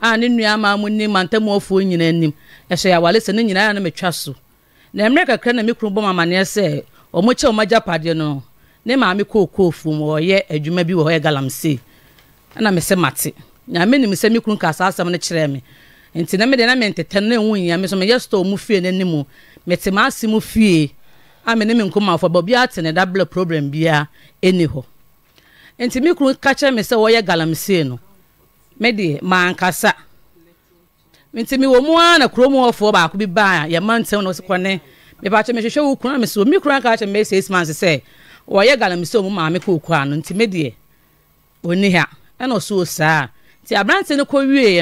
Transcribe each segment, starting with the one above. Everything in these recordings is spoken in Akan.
a ne nua ama mu nim mantamuafoɔ nyinaa nim ɛhyɛ awale sɛ ne nyinaa no metwa so na mmerɛ kakra na me kunu bɔ mamaneɛ sɛ ɔmo kyɛ ɔmo agyapadeɛ no ne maame kookoo fom wɔyɛ adwuma bi wɔ hɔ yɛ galamsey ɛna me sɛ mate nyame nim sɛ me ka saa asɛm no kyerɛ me nti na mede na mentete no ɛwu nyia me so meyɛ store mu fie no anim mete maase mu fie a me ne me nkomafo ba obiara te ne dabrɛ problem biara ɛni hɔ nti me kunu ka kyerɛ me sɛ wɔyɛ galamsey no mede maankasa nti mewɔ mu a na kurom wɔfoɔ baako bi baa yɛma ntɛm na wɔsi kɔne mepakyɛ mehwehwɛ wo kura me so omi kura kaa kyɛ me six months sɛ wɔyɛ galamsey mu maame kɔ okura no nti medeɛ ɔni ha ɛna ɔso saa nti aberante no kɔ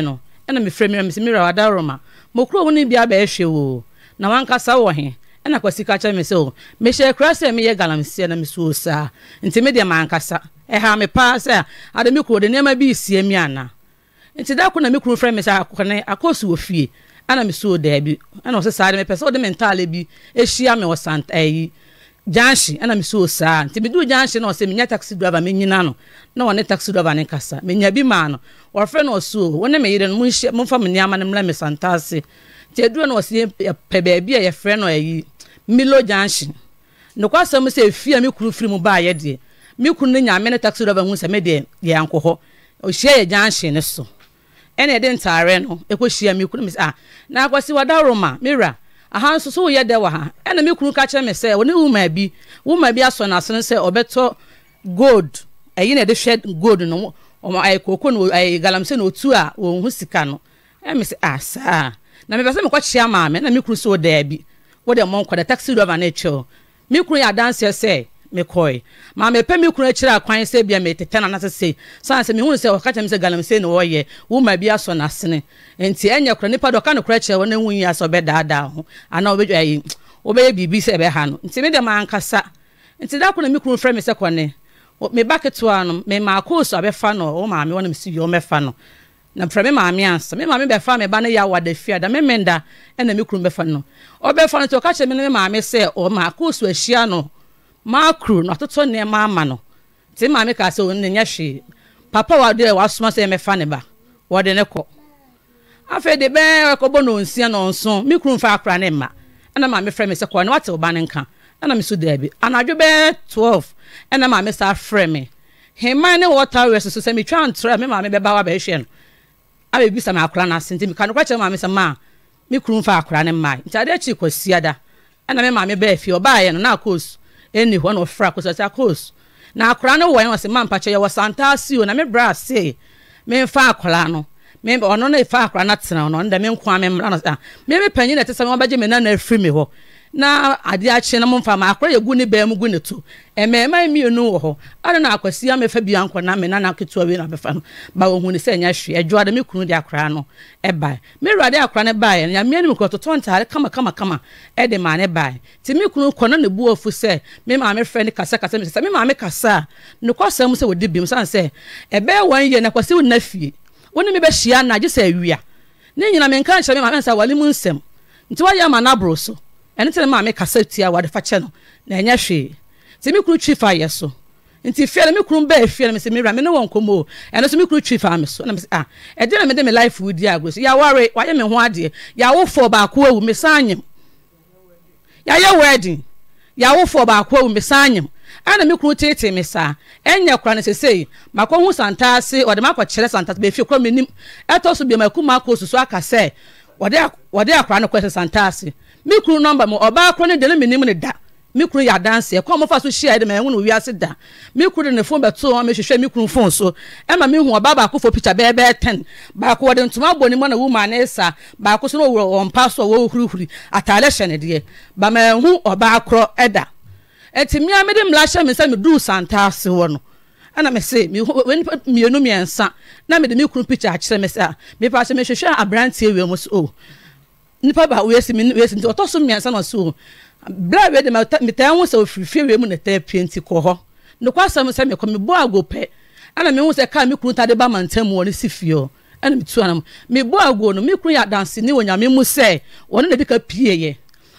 no ɛna mefrɛ mmerɛ me sɛ wada roma mokuro wo no bia bɛɛhwɛ woo na wankasa wɔ he ɛna kwasi ka kyerɛ me o mehyɛ kura sɛ meyɛ na mesuo saa nti medeɛ maankasa ɛha me paa sɛ kuro de nneɛma bi resie anaa nti da ko na me kunu frɛ me sɛ akɔne akɔsi wɔ fie ana me so daabi ana ɔsɛ saa de mepɛ sɛ ɔde me ntaale bi ahyia me wɔ santa ayi gyanhye ɛna me so saa nti medu gyanhye na ɔsɛ menya taxi driver menyina no na wɔne taxi driver ne kasa menya bi maa no ɔfrɛ no ɔsuo wɔne me yere no monhyɛ momfa me nneɛma no mmra me santa ase nti aduro no ɔsɛ pɛ baabi a yɛfrɛ no ayi milo gyanhye nokwasɛm sɛ ɛfie a me kuru firi mu baayɛ deɛ me kunu no nyame ne taxi driver hu sɛ me deɛ yɛankɔ hɔ ɔhyia yɛ gyanhye ne so ɛna ɛde ntaare no ɛkɔhyia me kunu mi sɛ ah na akwasi wadaworo ma mira aha nso so woyɛ dɛ wɔ ha ɛna me kunu ka kyerɛ me sɛ ɔne woma bi woma bi asɔ n'asene sɛ ɔbɛtɔ gold ɛyi na ɛde hwɛ gold no ɔmo ɛyɛ kooko no ɛyɛ galamsey na otu a wɔn ho sika no ɛmi sɛ ah saa na mɛ pɛsɛ mekɔ kyea maame na me kunu so dɛɛ bi wɔde mɔnkɔ dɛ taxi driver na ɛkyɛw me kunu yɛ adanseɛ sɛ mekɔe ma mepɛ me kunu akyirɛ akwan sɛ bia metetɛ no anase sei sane sɛ mehu sɛ ɔka kyɛ me sɛ galamsei na wɔyɛ woma bi asɔ n'asene nti ɛnyɛ kora nipa de ɔka no kora kyerɛ wɔ no hu yi asɛ ɔbɛdaadaa ho anaa wobɛdwayi wobɛyɛ biribi sɛ ɛbɛha no nti mede maankasa nti da ko na me kunu frɛ me sɛ kɔne meba ketewa no memaakoo so abɛfa no wo maame wɔnom si wie wɔmɛfa no na mfrɛ me maame ansa me maame bɛfa me ba no yɛ awada fia da me menda ɛna me kunu bɛfa no ɔbɛfa no nti ɔka kyerɛ me ne me maame sɛ ɔmaakoo so ahyia no makro na ɔtotɔ nneɛma ama no te maame kaa sɛ ɔno nyɛ hwee papa wa deɛ wasoma sɛ mɛfa ne ba wɔde ne kɔ afei de bɛɛ ɔkɔbɔ na onsia na ɔnson mi kuru nfa akora ne mma ɛna maame frɛ mi sɛ kɔɔ ne wate ɔba ne nka ɛna mi so daabi anadwo bɛɛ twelve ɛna maame saa frɛ mi heman ne wɔta wɛ soso sɛ mi twa ntorɔ mi maame bɛba wa bɛhwɛ no abɛbi sa mi akora na ase nti mi ka no kɔ kyerɛ maame sɛ maa mi kuru nfa akora ne mma nti adeɛ kyi kɔ siada maame bɛɛ ɛni hɔ na ɔfra akosasa kos na akora no wɔn ɔsi ma mpakyɛ yɛ wɔ santa asi o na me bra ase me nfa akora no me ɔno ne fa akora no atena ɔno ɔno dɛ me nko ame mra no sa me me panyin na ɛte sɛ wɔn bɛgye me nan na efiri mi hɔ na adeɛ akye na mo mfa ma akora yɛ gu ne bɛn mu gu ne to mmarima mmienu wɔ hɔ ana na akwasi amefa bi ankɔ na mena na ketewa wei na amefa no ba ohun ne sɛ nya hwee adwoa de me kunu de akora no ɛba me wura de akora no baeɛ no nyamea no mu kɔ totɔ ntaare kama kama kama ɛde maa ne baeɛ nti me kunu kɔ na ne bu afu sɛ me maame frɛ ne kasa kasa me sɛ me maame kasa ne kɔ sɛm sɛ wɔde bi mu san sɛ ɛbɛyɛ wɔn yɛ na kwasi wo na fie wo ne me bɛhyia na agye sɛ awia ne nyina menka nkyerɛ me maame nsa wale mu nsɛm nti wayɛ ama no aboro ɛno tena maame kasa tia wade fa kyɛ no na ɛnyɛ hwee nti me kuru twi fa yɛ so nti fia no me kuru bɛɛ fia no me sɛ mewura me ne wɔ nkɔmmɔ o ɛno so me kuru twi fa me so na me sɛ ah ɛdeɛ na mede me life wo di agorɔ so yɛaware wayɛ me ho adeɛ yɛawofoɔ baako awu me san nyem yɛayɛ wedding yɛawofoɔ baako awu me san nyem ana me kuru tete me saa ɛnyɛ kora no sesei makɔhu santaase ɔde makɔkyerɛ santaase bɛfie kora menim ɛtɔ so biama aku maakɔ susu aka sɛ wɔde akora no kɔɛ sɛ santaase me kuru nọmba mu ọbaa koro ne deɛ ni mi nim ne da me kuru yɛ adanseɛ kɔn mo fa so hyia yɛ de ma ɛho na owi ase da me kuru de ne fon bɛto wɔn mehwehwɛ me kuru fon so ɛma me hu ɔbaa baako fo picture bɛɛ bɛɛ ten baako wɔde ntoma bɔ ne mu na wuma ne sa baako so na ɔwɔ ɔmpa so ɔwɔ ohurihuri ataade hyɛ ne deɛ bama ɛho ɔbaa koro ɛda ɛti mmea mi de mmea hyɛ mi sɛ mi duru santa ase wɔ no ɛna mɛ se mmienu mmiɛnsa na mɛ de mi kuru picture akyerɛ mɛ sɛ mɛ pa akyerɛ mɛ hwehwɛ aberanteɛ wia mo so o oh nipa ba wo esi mi wo esi nti ɔtɔ so mmiɛnsa na so bla wei de ma metaa ho sɛ ofiri fie wei mu na taa pie nti kɔ hɔ nokɔ asɛm sɛ mekɔ mebɔ ago pɛ ɛna mehu sɛ kaa me kunu ta de ba amantam mu wɔne si fie hɔ ɛna metu anam mebɔ ago no me kunu yɛ adanseni wɔ nyame mu sɛ wɔne na de ka pie yɛ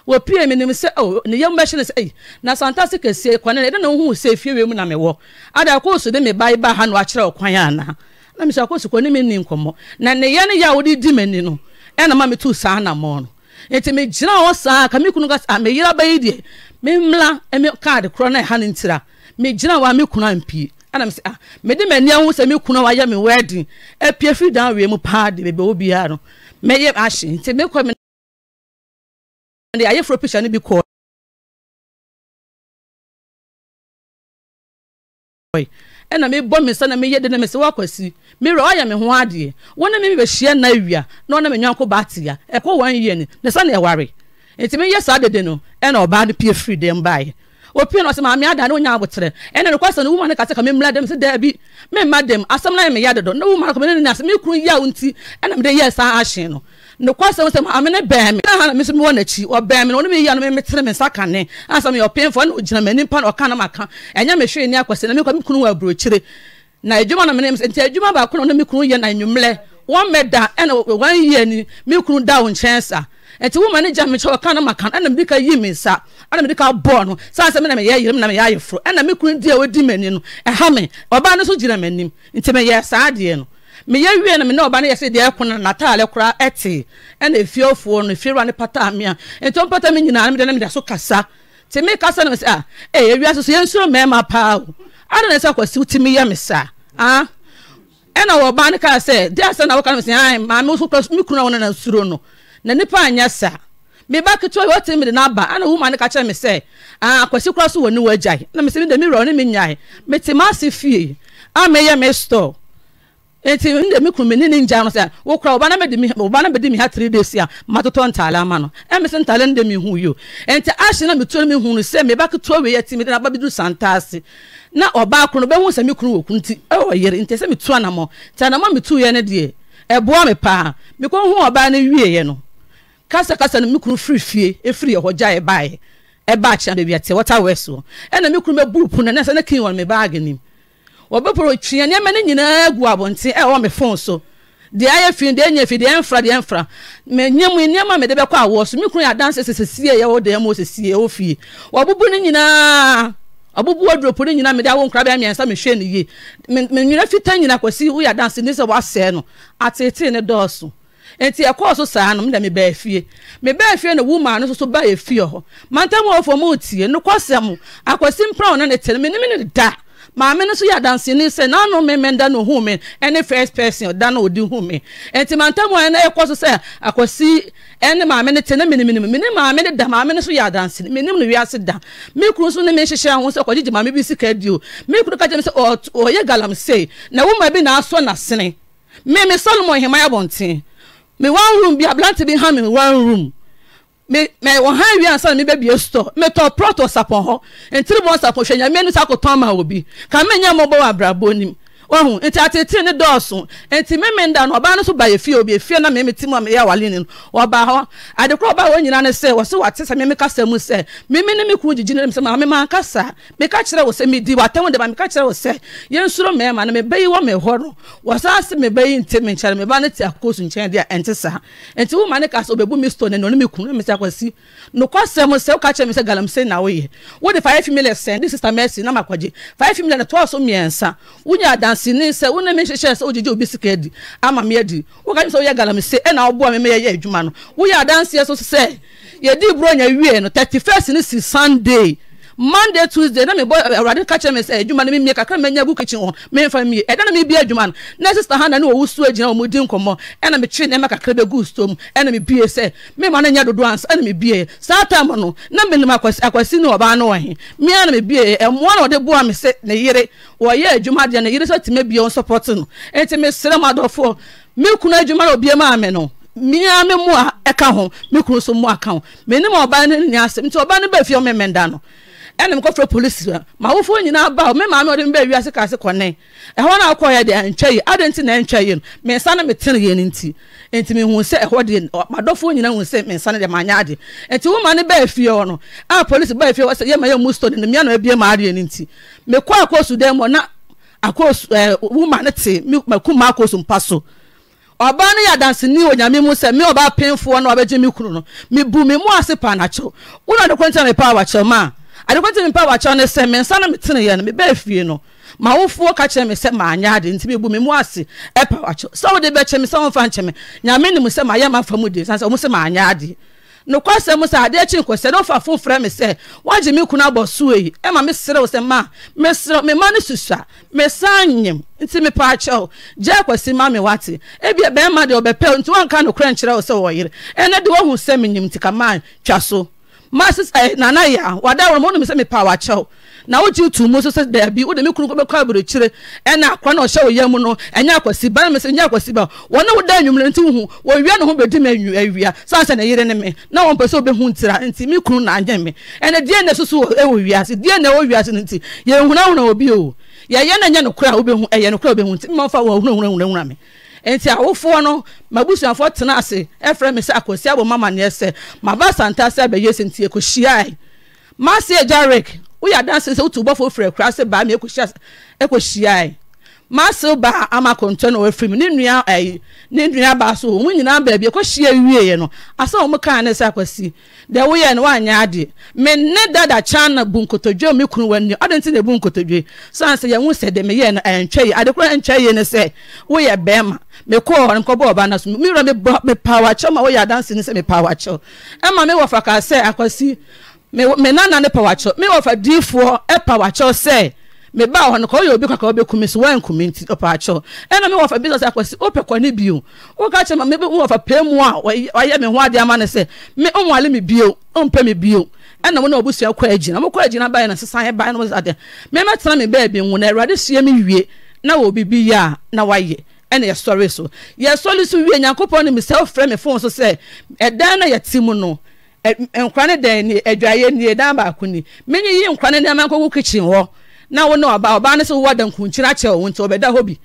wɔpie me nim sɛ o oh, ne yam bɛhyɛ no sɛ ei na santa se kɛseɛ kɔne ɛdɛ na wohu sɛ fie wei mu na mewɔ ada kɔ so de me ba ba ha no akyerɛ ɔkwan anaa na mehyɛ akɔ so kɔ ne me ni nkɔmmɔ na ne yɛ no yɛ a ɛna ma metu saa namɔ no nti megyina hɔ saa ka me kunu ka sa meyera bɛyi deɛ memmla me kaade korɔ na ɛha no ntira megyina hɔ a me kunu ampie ana m sɛ ah mede m'ani ahu sɛ me kunu wayɛ me wedding apie firi dan awie mu paa de bebe wo biara no mɛyɛ ahye nti mekɔ me de ayɛforo picture ni bi kɔɔ ɛna mebɔ me nsa na meyɛ de na mesɛ woakwasi mewura woayɛ me ho adeɛ wo e ne me bɛhyia nna awia na ɔne me nyɔnko ya ɛkɔ wɔn yie ni ne sa ne ɛware nti meyɛ saa dede no ɛna ɔbaa no pie firi dɛm baeɛ opie na ɔsɛ maame ada ne wonya abotrɛ ɛna nokɔ sɛ no woma no ka sɛ ka memmra dɛm sɛ daabi memma dɛm asɛm na yɛ meyɛ dodɔ na woma no kɔmɛne ne ne asɛ mekuro yi a nti ɛna mede yɛɛ saa ahye no nokwa sɛm sɛm amene ne bɛn me na me sɛ mewɔ n'akyi ɔbɛn mi na ɔne meyia no memetere me nsa ka ne ansa meyɛ ɔpemfoɔ ne ɔgyina m'anim pa na ɔka na maka ɛnyɛ mehwee ne akwasɛ na mekɔ me kunu wɔ aburokyire na adwuma na mene nti adwuma baako na ɔne me kunu yɛ na anwummerɛ wɔn mɛ da ɛna wɔn yɛ ni me kunu da wo nkyɛn sa nti woma ne gya me kyɛ ɔka no maka no ɛna mede ka yi me nsa ɛna mede ka bɔɔ no saa sɛ mena meyɛ yerem na meyɛ ayeforo ɛna me kunu di a wɔdi m'ani no ɛha me ɔbaa no so gyina m'anim nti meyɛ saa adeɛ no meyɛ wie no me ne ɔba no yɛ sɛ deɛ ɛko no nataale koraa ɛte ɛna efiefoɔ no efiewa no pata mea nti ɔmpata mi nyinaa no mede no mede so kasa te me kasa no mi sɛ a ah, ɛyɛ eh, wiase so yɛnsuro mmarima paa o ada na sɛ akwasiw tumi yɛ me saa ah ɛna wɔba no kaa sɛ deɛ asɛ na wɔka no me sɛ ai maame so kora me kunu a na suro no na nipa anyɛ saa ba ketewa yi wɔte mi de n'aba ɛna wuma ne ka mi sɛ ah akwasi kora so wɔ ne wɔ agyae na mi sɛ mi de mi wura ne mi nyae mi te ma ase fie a mi mi store nti nde mi kun mi ni ni ngya no sɛ wokura ɔba na mi di mi ɔba na mi di mi ha three days a ma totɔ ntaale ama no ɛmi e sɛ ntaale nde mi hu yio nti ahyɛ na mi tuo mi hu no sɛ mi ba ketewa wei ɛti mi de na ba bi du santaase na ɔbaa kunu bɛn ho sɛ mi kunu wɔ kun ti ɛwɔ yɛrɛ nti sɛ mi tu anamɔ nti anamɔ mi tu yɛ ne deɛ ɛboa e mi paa mi ko hu ɔbaa ne wie yɛ no kasakasa no mi kunu firi fie efiri yɛ hɔ gya yɛ e baa yɛ ɛbaa kyɛn de wi ɛte wɔta wɛ so ɛna mi kunu bɛ buru pon na ne kin wɔ mi baagi nim wɔbɛpɔrɔ twia nneɛma no nyinaa gu abɔnten ɛwɔ me phone so deɛ ayɛ fi deɛ nyɛ fi deɛ mfra deɛ mfra mɛ nyɛ mu nneɛma mɛ de bɛkɔ awɔ so mi kunu yɛ adansi sɛ sɛsie yɛ wɔ dan mu sɛsie wɔ fie wɔbubu ne nyinaa abubu wadropo ne nyinaa mɛ de awɔ nkura bɛyɛ mmiɛnsa mɛ hwɛ ne yie mɛ mɛ nwera fitaa nyinaa kɔsi woyɛ adansi ne sɛ wɔasɛɛ no atetee ne dɔɔso nti ɛkɔɔ so saa no mda mebaa fie mebaa fie na wuma no soso baa fie hɔ mantam a wɔfɔ mu tie nokɔsɛm akwasi mpra wɔ no ne tɛ no menim ne da maame no so yɛ adanseni sɛ nano me da no hu me ɛne first person da no ɔdi hu me nti mantam a ɛna ɛkɔ so sɛ akwasi ɛne maame no te ne menimnim mene maame no da maame no so yɛ adanseni menim no wiase da me kunu ne ne mehyehyɛ ho sɛ kɔgyegye maame bi sika dio me kunu ka kyerɛ me sɛ ɔyɛ galamsey na woma bi na asɔ n'asene me me solomon hema yɛ abɔnten me one room bi aberante bi ha me one room me me wɔn ha awie ansa na me bɛbie store me tɔ prɔtɔ sapɔn hɔ ntiri bɔn sapɔn hwɛ nyamea ni sa kò tɔn ma obi kàmi nyɛ mɔbɔ wɔ abrabɔ nim ohun nti atete ne dɔɔso nti mimi nda no ɔbaa no so ba yɛ fie obi efie na mimi ti mu a meyɛ awale ni no ɔbaa hɔ adekora ɔbaa wɔn nyinaa ne sɛ wɔsi wɔate sɛ mimi kasa mu sɛ mimi ne mi kun gyigyi ne mi sɛ maa mi maa nkasa mi ka kyerɛ wɔ sɛ mi di wata wɔn de ma mi ka kyerɛ wɔ sɛ yɛn nsoro mɛɛma no mi bɛyi wɔ mi hɔ no wɔsan se mi bɛyi nti mi nkyɛn mi ba ne ti akoosu nkyɛn deɛ ɛnti saa nti wo ne kasa obebu mi store ne no mi kun na woyɛ wode mercy na makɔgye five million ne tɔɔ so mmiɛnsa wonya sini sɛ wo ne mi hyehyɛ sɛ ogyegye obi sika adi ama mi adi wo ka mi sɛ woyɛ galamsey ɛna ɔboa mi ma yɛyɛ adwuma no woyɛ adanseɛ so sɛ yɛdi iburo nya wie no thirty first ni si sunday monday tuesday na mi bɔ eh, awurade ka kyerɛ mi sɛ adwuma no mi mie kakra mi nya gu kitchen hɔ mi nfa mie ɛda na mi bi adwuma no na sista ha na ne owu suo gyina wɔn di nkɔmɔ ɛna mi kyerɛ nneɛma kakra bɛ gu store mu ɛna mi bie sɛ mi ma ne nya dodo ansa ɛna mi bie saa time no na mi nim akwasi akwasi ne ɔbaa no wɔhe mi ɛna mi bie ɛmoa na ɔde boa mi sɛ ne yere wɔyɛ adwuma deɛ ne yere sɛ tìmɛ bie wɔn support no ɛnti mi srɛ mu adɔfoɔ mi kunu adwuma na obie maa mi no mmea me mu a ɛka ho me kunu so mu aka ho menim ɔbaa no ne asɛm nti ɔbaa no bɛfie ɔmemɛnda no ɛna mu kɔfrɛ polisi wa ma awofoɔ nyinaa ba o me maame ɔde mi bɛ wiase kaase kɔnɛn ɛhɔ na akɔ yɛ de ɛntwɛ yi adi nti na ɛntwɛ yi no mɛ nsa no mi tene yɛ ne nti nti mi hun sɛ ɛhɔ deɛ ma dɔfoɔ nyinaa hun sɛ mɛ nsa no deɛ ma nya adi nti woma ne bɛɛ fie hɔ no a polisi bɛɛ fie hɔ sɛ yɛ ma yɛ mu stone ne mia na ebie ma adi yɛ ne nti mi kɔ akɔsu dɛm hɔ na akɔsu ɛɛ woma ne te mi ma kum ma akɔsu mpa so ɔbaa no yɛ adanseni wɔ nyame mu sɛ me ɔbaa penfoɔ no ɔbɛgye me kunu no mebu me mu ase paa nakyɛw de kɔnkyɛ me paa wakyɛw ma adekwate nipa wakyɛw ne sɛ mensa na metene yɛ no mebɛɛ fie no ma wofoɔ ka kyerɛ me sɛ maanyɛ ade nti mebu me mu ase ɛpa wakyɛw sɛ wode bɛkyɛ me sɛ womfa nkyɛ me nyame ne mu sɛ maayɛ mafa mu de sane sɛ ɔmo sɛ maanyɛ adeɛ nokwasɛ mu sɛ adeɛ kyi nkɔsɛ ne wofa fo frɛ me sɛ woagye me kunu abɔ soo yi ɛma meserew sɛ ma meserew mema no susua mesan nyem nti mepa akyɛw gya kwasi ma me wate ebia bɛrima deɛ ɔbɛpɛ nti wanka nokorɛ nkyerɛ wo sɛ wɔyere ɛnɛ de woahu sɛ menyim nti kama twa so maa sisa eh, nana ya a wada wɔn mo nom sɛ mi pa awa kyɛw na o ti tu mu so sɛ dɛbi o de mi kuru bɛkɔ aburukyire ɛna akora na ɔhyɛ wɔyɛ mu no ɛnyɛ akɔsi ba ɛna ɛnyɛ akɔsi ba wɔn na wɔda enyimire nti hu wɔwia ne ho bedi mi awia sansan na yere ne mi na wɔn pɛ sɛ obehu ntira nti mi kuru na anyɛ mi ɛna die na soso ɛwɔ wiase die na ɛwɔ wiase ne nti yɛn hunahuna obi o yɛyɛ na nyɛ no kora obehu ɛyɛ no kora obehu nti mma fa wɔn mi nti awofoɔ no mabusuafoɔ tena ase ɛfrɛ me sɛ akɔsi abɔ mama neɛ sɛ maba santa sɛ abɛyɛ sɛ nti ɛkɔhyiae mase agyarik woyɛ adanse sɛ wotu bɔfoɔ firi akura ase baa me ɛkɔhyiae mase baa ama kɔntɔ no wɔafiri mu ne nua ɛyi ne nua baa so wɔn nyinaa baabi ɛkɔhyia wieɛ no asa wɔn kaa ne sɛ akɔsi deɛ woyɛ no wanyɛ adeɛ me ne dada kyan na bu nkotodwe mi kunu wɔn ni ɔde nti na ebu nkotodwe sanse yɛn ho sɛ deɛ meyɛ no ɛntwɛ ɛntwɛ ne sɛ woyɛ bɛrima mekɔ ɔhɔre nkɔbɔ ɔba no so mewura mepa wakyɛw ma woyɛ adanse no sɛ mepa wakyɛw ɛma me wɔfa kaa sɛ akwasi me nana ne pa wakyɛw me wɔfa diifoɔ ɛpa wakyɛw sɛ meba hɔ no kɔ woyɛ obi kaka wobɛkumi so woankumi nti ɔpa akyɛw ɛna me wɔfa bi sɛ sɛ akwasi wopɛ kɔne bio woka kyerɛ ma me wɔfa pɛ mu a ɔyɛ me ho ade ama no sɛ me ɔmwale me bio ɔmpɛ me bio ɛna mo na ɔbusua kɔ agyina mo kɔ agyina baeɛ na sesan baeɛ no mo sɛ adeɛ memɛtena me baabi nwo na awurade sua me wie na wɔ biribi yɛ a na wayɛ ɛna yɛsɔre so yɛsɔre so wie nyankopɔn no misɛw frɛ me fon so sɛ ɛdan na yɛte mu no nkwa ne dan ni adwaeɛ ni ɛdan baako ni menye yi nkwa ne nneɛma nkɔgu kitchen hɔ na wo ne ɔbaa ɔbaa no sɛ wowɔ da nkunkyini akyɛ wo nti ɔbɛda hɔ bi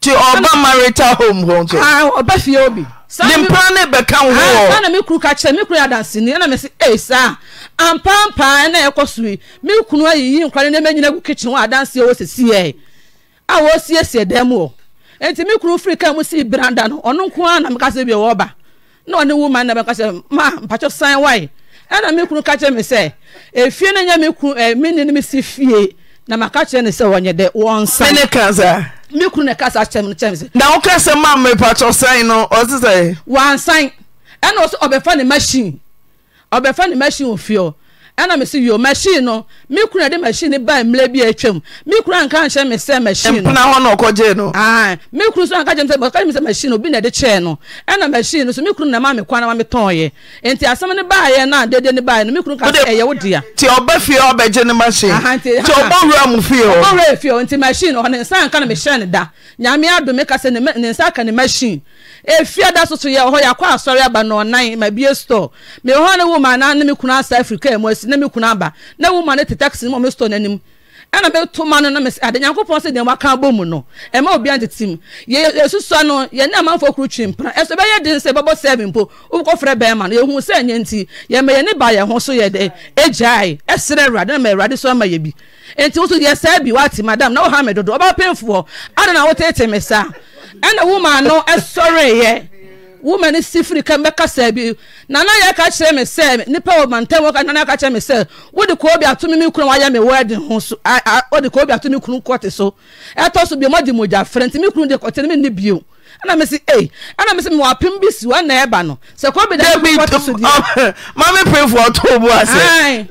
ti ɔba marital home hɔ nso aa ɔba fie obi nipa ne bɛka wo aa na mi kuru ka kyerɛ mi kuru yɛ adansini ɛna mi sɛ ee saa ampampaa ɛna yɛ kɔ so yi mi kunu ayi yi nkwa ne nneɛma nyina gu kitchen hɔ adansi a wɔsiesie yɛ a wɔsiesie dan mu hɔ. e me kuru firi kaa mu sii biranda no ɔno nko na mekasɛ bia wɔba na ɔne wo ma na mɛka ma mpakyɛ san wae ɛna me kuru ka kyerɛ sɛ efie na nye me kuru ɛ eh, me ne fie na maka kyerɛ ne sɛ wɔnyɛ dɛ wɔn san. mene ka me kuru na ka sa kyerɛ me sɛ. na o ka sɛ maa mi san no ɔsi sɛ. wansan ɛna ɔsɛ ɔbɛfa ne machine ɔbɛfa ne machine ofio. ɛna mesi yo machine no me kura de machine ne ba mmerɛ bi atwam me kura nka nhyɛ me sɛ machine no mpona hɔ na ɔkɔgye no ae me kura so anka gyem sɛ ɔka gyem sɛ machine obi na ɛde kyɛɛ no ɛna machine no so me kura na ma me kwan na ma me tɔn yɛ nti asɛm ne baayɛ na dede ne baayɛ no me kura ka sɛ ɛyɛ wo dea ti ɔba fie ɔbɛgye ne machine ti ɔba wura mu fie hɔ ɔba wura fie hɔ nti machine hɔ nsa nka na me hyɛ ne da nyame adum me ka sɛ ne nsa ka ne machine efia da soso yɛ hɔ yɛ akɔ asɔre aba na ɔnan ma bie store me hɔ ne wo ma na ne me kura asa afirika mu asi na mi kunu aba na woman ne te taxi mu ɔmo store n'anim ɛna bɛ to ma no na mɛ ade nyankopɔn sɛ deɛ waka abɔ mu no ɛma obi antete mu yɛ yɛsusua no yɛne amanfoɔ kuro twi mpena ɛso bɛyɛ den sɛ bɛbɔ sɛbi mpo wokɔ frɛ bɛrima no yɛhu sɛ ɛnyɛ nti yɛma yɛne ba yɛn ho so yɛ dɛ ɛgyae ɛsrɛ awurade na ma awurade so ama yɛ bi nti woso yɛ sɛ bi madam na woha me dodo ɔbaa pɛmfoɔ ada na woteete me saa ɛna woma no ɛsɔreeɛ woman ni sifiri kan bɛ kasa nana yɛ ka kyerɛ mi sɛ nipa wɔ mantan wɔ nana yɛ ka kyerɛ mi sɛ wodi koobi ato mi mi kunu wayɛ mi wɛdi ho so a a wodi koobi ato mi kunu kɔte so ɛtɔ e so bi mo di mo gya fɛrɛ nti mi kunu de kɔte ne mi ni bio ɛna mi si ey. ɛna mi si mi wɔ apim bi si wɔ ɛna ɛba e no sɛ koobi da mi kɔte so di. maame pay for ɔtɔ obu ase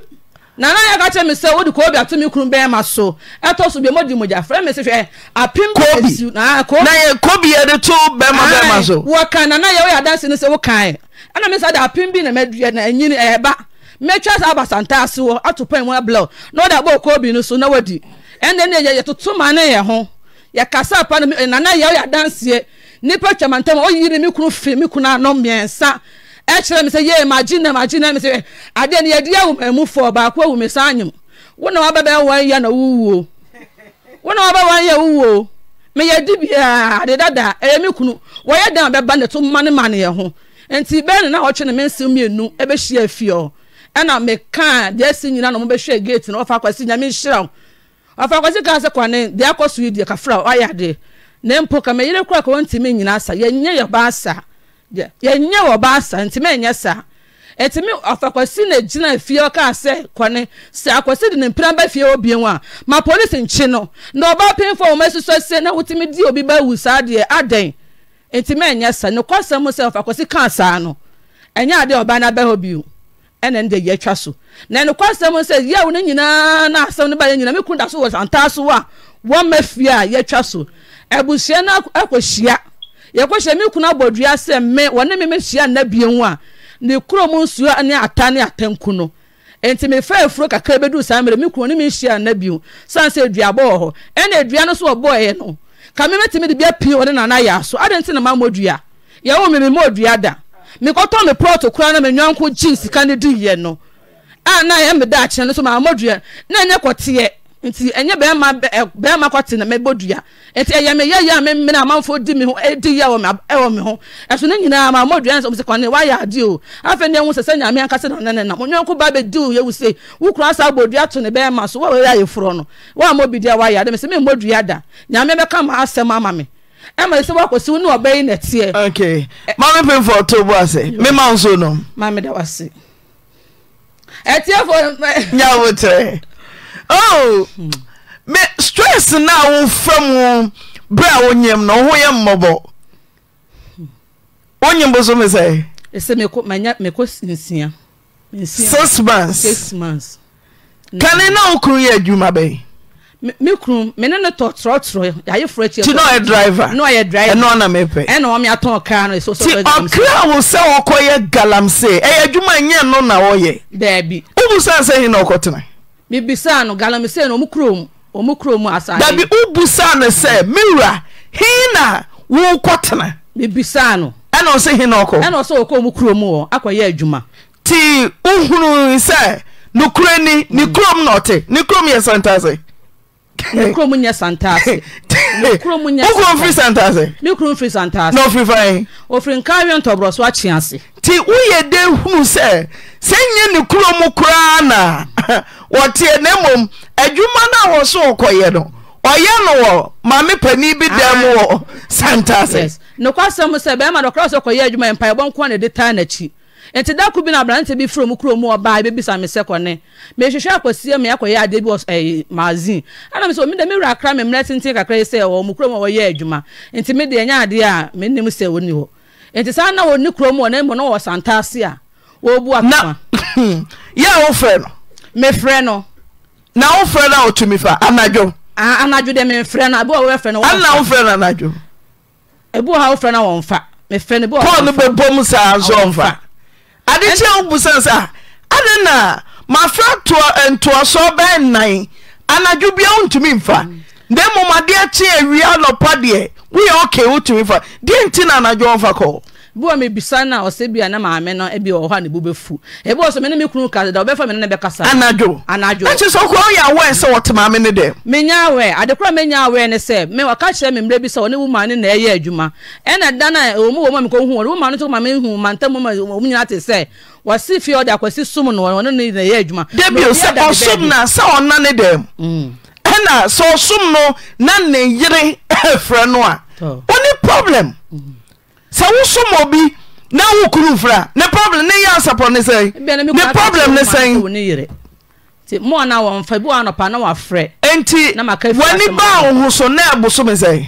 nana yɛ ka mi sɛ wodi kobi ato mi kunu bɛrima so ɛtɔ so bi mo di mo gya fɛn mi si hwɛ apim kobi na yɛ kobi yɛ de to bɛrima bɛrima so wɔka nana yɛ oyɛ adansi ni sɛ wɔkan yɛ ɛna mi sɛ de apim bi na mɛ na enyini ɛɛba mɛtwa sɛ abasanta ase wɔ ato pɛn mu ablaw na ɔde abɔ kobi ni so na wɔdi ɛna ne yɛ yɛ toto ma ne yɛ ho yɛ kasa pa na nana yɛ oyɛ adansi yɛ nipa twɛmantam ɔyiri mi kunu fi mi kunu anɔ mmiɛnsa ɛkyerɛ me sɛ yee magye na magye na me sɛ adeɛ no yɛde baako awu me anyim wo na wabɛbɛyɛ wɔn na wowuo wo na wabɛ wɔn yɛ wowuo meyɛ di biara ade dada ɛyɛ me kunu wɔyɛ dan bɛba ne to mane ho nti bɛn na ne mmienu deɛ nyina na gate na ɔfa akwasi nyame ɔfa akwasi sɛ deɛ akɔ yɛnyɛ wɔ ba asa nti mɛ nyɛ saa ɛtumi ɔfakwasi na gyina fie ɔkaa sɛ kɔne sɛ akwasi de ne mpira ba fie wɔ bie ma polisi nkyi no na ɔbaa pɛnfo a wɔn asosɔ se na wotumi di obi ba wu saa deɛ adɛn nti mɛ saa ne kɔsɛm sɛ ɔfakwasi kaa saa no ɛnyɛ adeɛ ɔbaa na bɛhɔ bio ɛna ne de yɛ atwa so na ne kɔsɛm sɛ yɛwo ne nyinaa na asɛm ne ba yɛ nyinaa mi kun da so wɔ santaa so a wɔn mɛ fie a yɛ atwa so abusua no akɔhyia. yɛkɔhyɛ me kuna abɔdua sɛ me wɔne me mehyia nna biemu a ne kurom nsuo ne ata ne atanku no nti mefa afuro kakra bɛduu saa mmerɛ me ne mehyia nna sɛ hɔ ɛna no so wɔbɔɔeɛ no ka memɛtumi de bia pii wɔne nana yɛ aso nti na dua me da mekɔtɔ me na sika no a na no na nti ɛnyɛ bɛrima eh, bɛrima kɔ tena mɛbɔ dua nti ɛyɛ eh, mi yɛ yɛ a mi mi amanfo di mi ho edi eh, yɛ wɔ mi ɛwɔ mi ho ɛso ne nyinaa ma mo dua nsɛm sɛ kɔni wayɛ adi o afɛ ne ho sɛsɛ nyame ankasa na ɔnene nam onyɔnko ba bɛ di o yɛ wuse wukura asa abɔ dua to ne bɛrima so wa wɔyɛ ayeforɔ no wa mo bi di a wayɛ adi mi sɛ mi mo dua da nyame bɛka ma asɛm ama mi ɛma sɛ wakɔsi wo ne ɔbɛyi nɛteɛ okay maame pemfo Oh! stress na a wofrɛ mu berɛ a wonyam no wo bo so me six months na wo kunu yɛ adwuma bɛn me kunu mene no tɔ ya ayeforɔ akyi ti na ɔyɛ driver na ɔyɛ driver ya ɔna mepɛ ɛna ɔmi atɔn ɔkra no ɛsɛ ɔsɛ ɔkra wo adwuma na ɔyɛ daabi wobu hin na mebisa no galamsey no ɔmo kurom ɔmo kurom asase. dabi ubusa no sɛ miwura hin na wokɔ tena. mebisa no. ɛna ɔsɛ hin na ɔkɔ. ɛna ɔsɛ ɔkɔ ɔmo kurom ti uhunu sɛ nukure ni ne kurom na ɔte ne kurom yɛ santase. Eh. mekuro mu nyɛ santaase mekuro mu nyɛ mokuro firi santaase mekuro firi santaase na ofiri fan ofiri nkawe ntɔborɔ so akye ase nti woyɛ de hunu sɛ sɛ nyɛ ne kuro mu koraa na wɔteɛ na mmom adwuma no a wɔ so wɔkɔyɛ no ɔyɛ no wɔ maame panin bi dan mu ah. wɔ santaase nokwasɛm sɛ bɛrima dɔkora sɛ kɔyɛ adwuma yɛ mpaebɔ nkoa na ɛde taa n'akyi nti dako bi na aberante bi firi mu kuro mu ɔbaa ebibisa mi sɛ kɔne mehwehwɛ akɔsie mi akɔyɛ adeɛ bi wɔ ɛyi eh, ɛna mi sɛ omi dɛ mi wura akra mi mmerɛ tenten kakra yi sɛ wɔ mu kuro mu ɔyɛ adwuma nti mi deɛ nyɛ adeɛ a mi nim sɛ wɔn ni hɔ nti saa na wɔn kuro mu ɔne mu no wɔ santaase a wɔbu akoma. na yɛ a wofrɛ no. mefrɛ no. na wofrɛ no a otumi fa anadwo. anadwo de mefrɛ no ebi wɔ wofrɛ no wɔn fa. ana wofrɛ no anadwo. ebi wɔ ha wofrɛ no wɔn wɔn fa. paul bɛ bɔ mu saa wɔn fa. ade kyi wo busane sɛa ah, ade na mafra eh, ntoaso bɛ nnan anadwo bia wo ntumi mfa da mm. mmomadeɛ kye awia anɔpa deɛ woyɛ ɔkai wo tumi fa deɛ nti na anadwo ɔmfa kɔɔ bi wɔ mi bisa na ɔsɛ bi a na maame na ebi wɔ hɔ a ne bo bɛ fu ebi wɔ so mi ne mi kunu kasa da ɔbɛfa mi ne ne bɛ kasa. anadwo anadwo ɛkyɛ sɛ ɔkɔ yɛ awɔ ɛsɛ wɔte maame ne dɛ. mi nya awɛ adekora mi nya awɛ ne sɛ mi ɔka kyerɛ mi mbrɛ bi sɛ ɔne wuma ne na ɛyɛ adwuma ɛna dan a wɔn mu wɔn mu ko hu wɔn wuma no to maame hu mantam mu ma wɔn nyinaa te sɛ wɔsi fie ɔde akwasi sum no ɔne ne na ɛyɛ adwuma. debi sɛ na sɛ ɔna ne mm. problem. Mm sɛ wosom obi na wokunu mfra ne problem ne yɛ asapɔ ne sɛn ne problem ne sɛn nti w'ani baa wo ho so na ɛboso me sɛn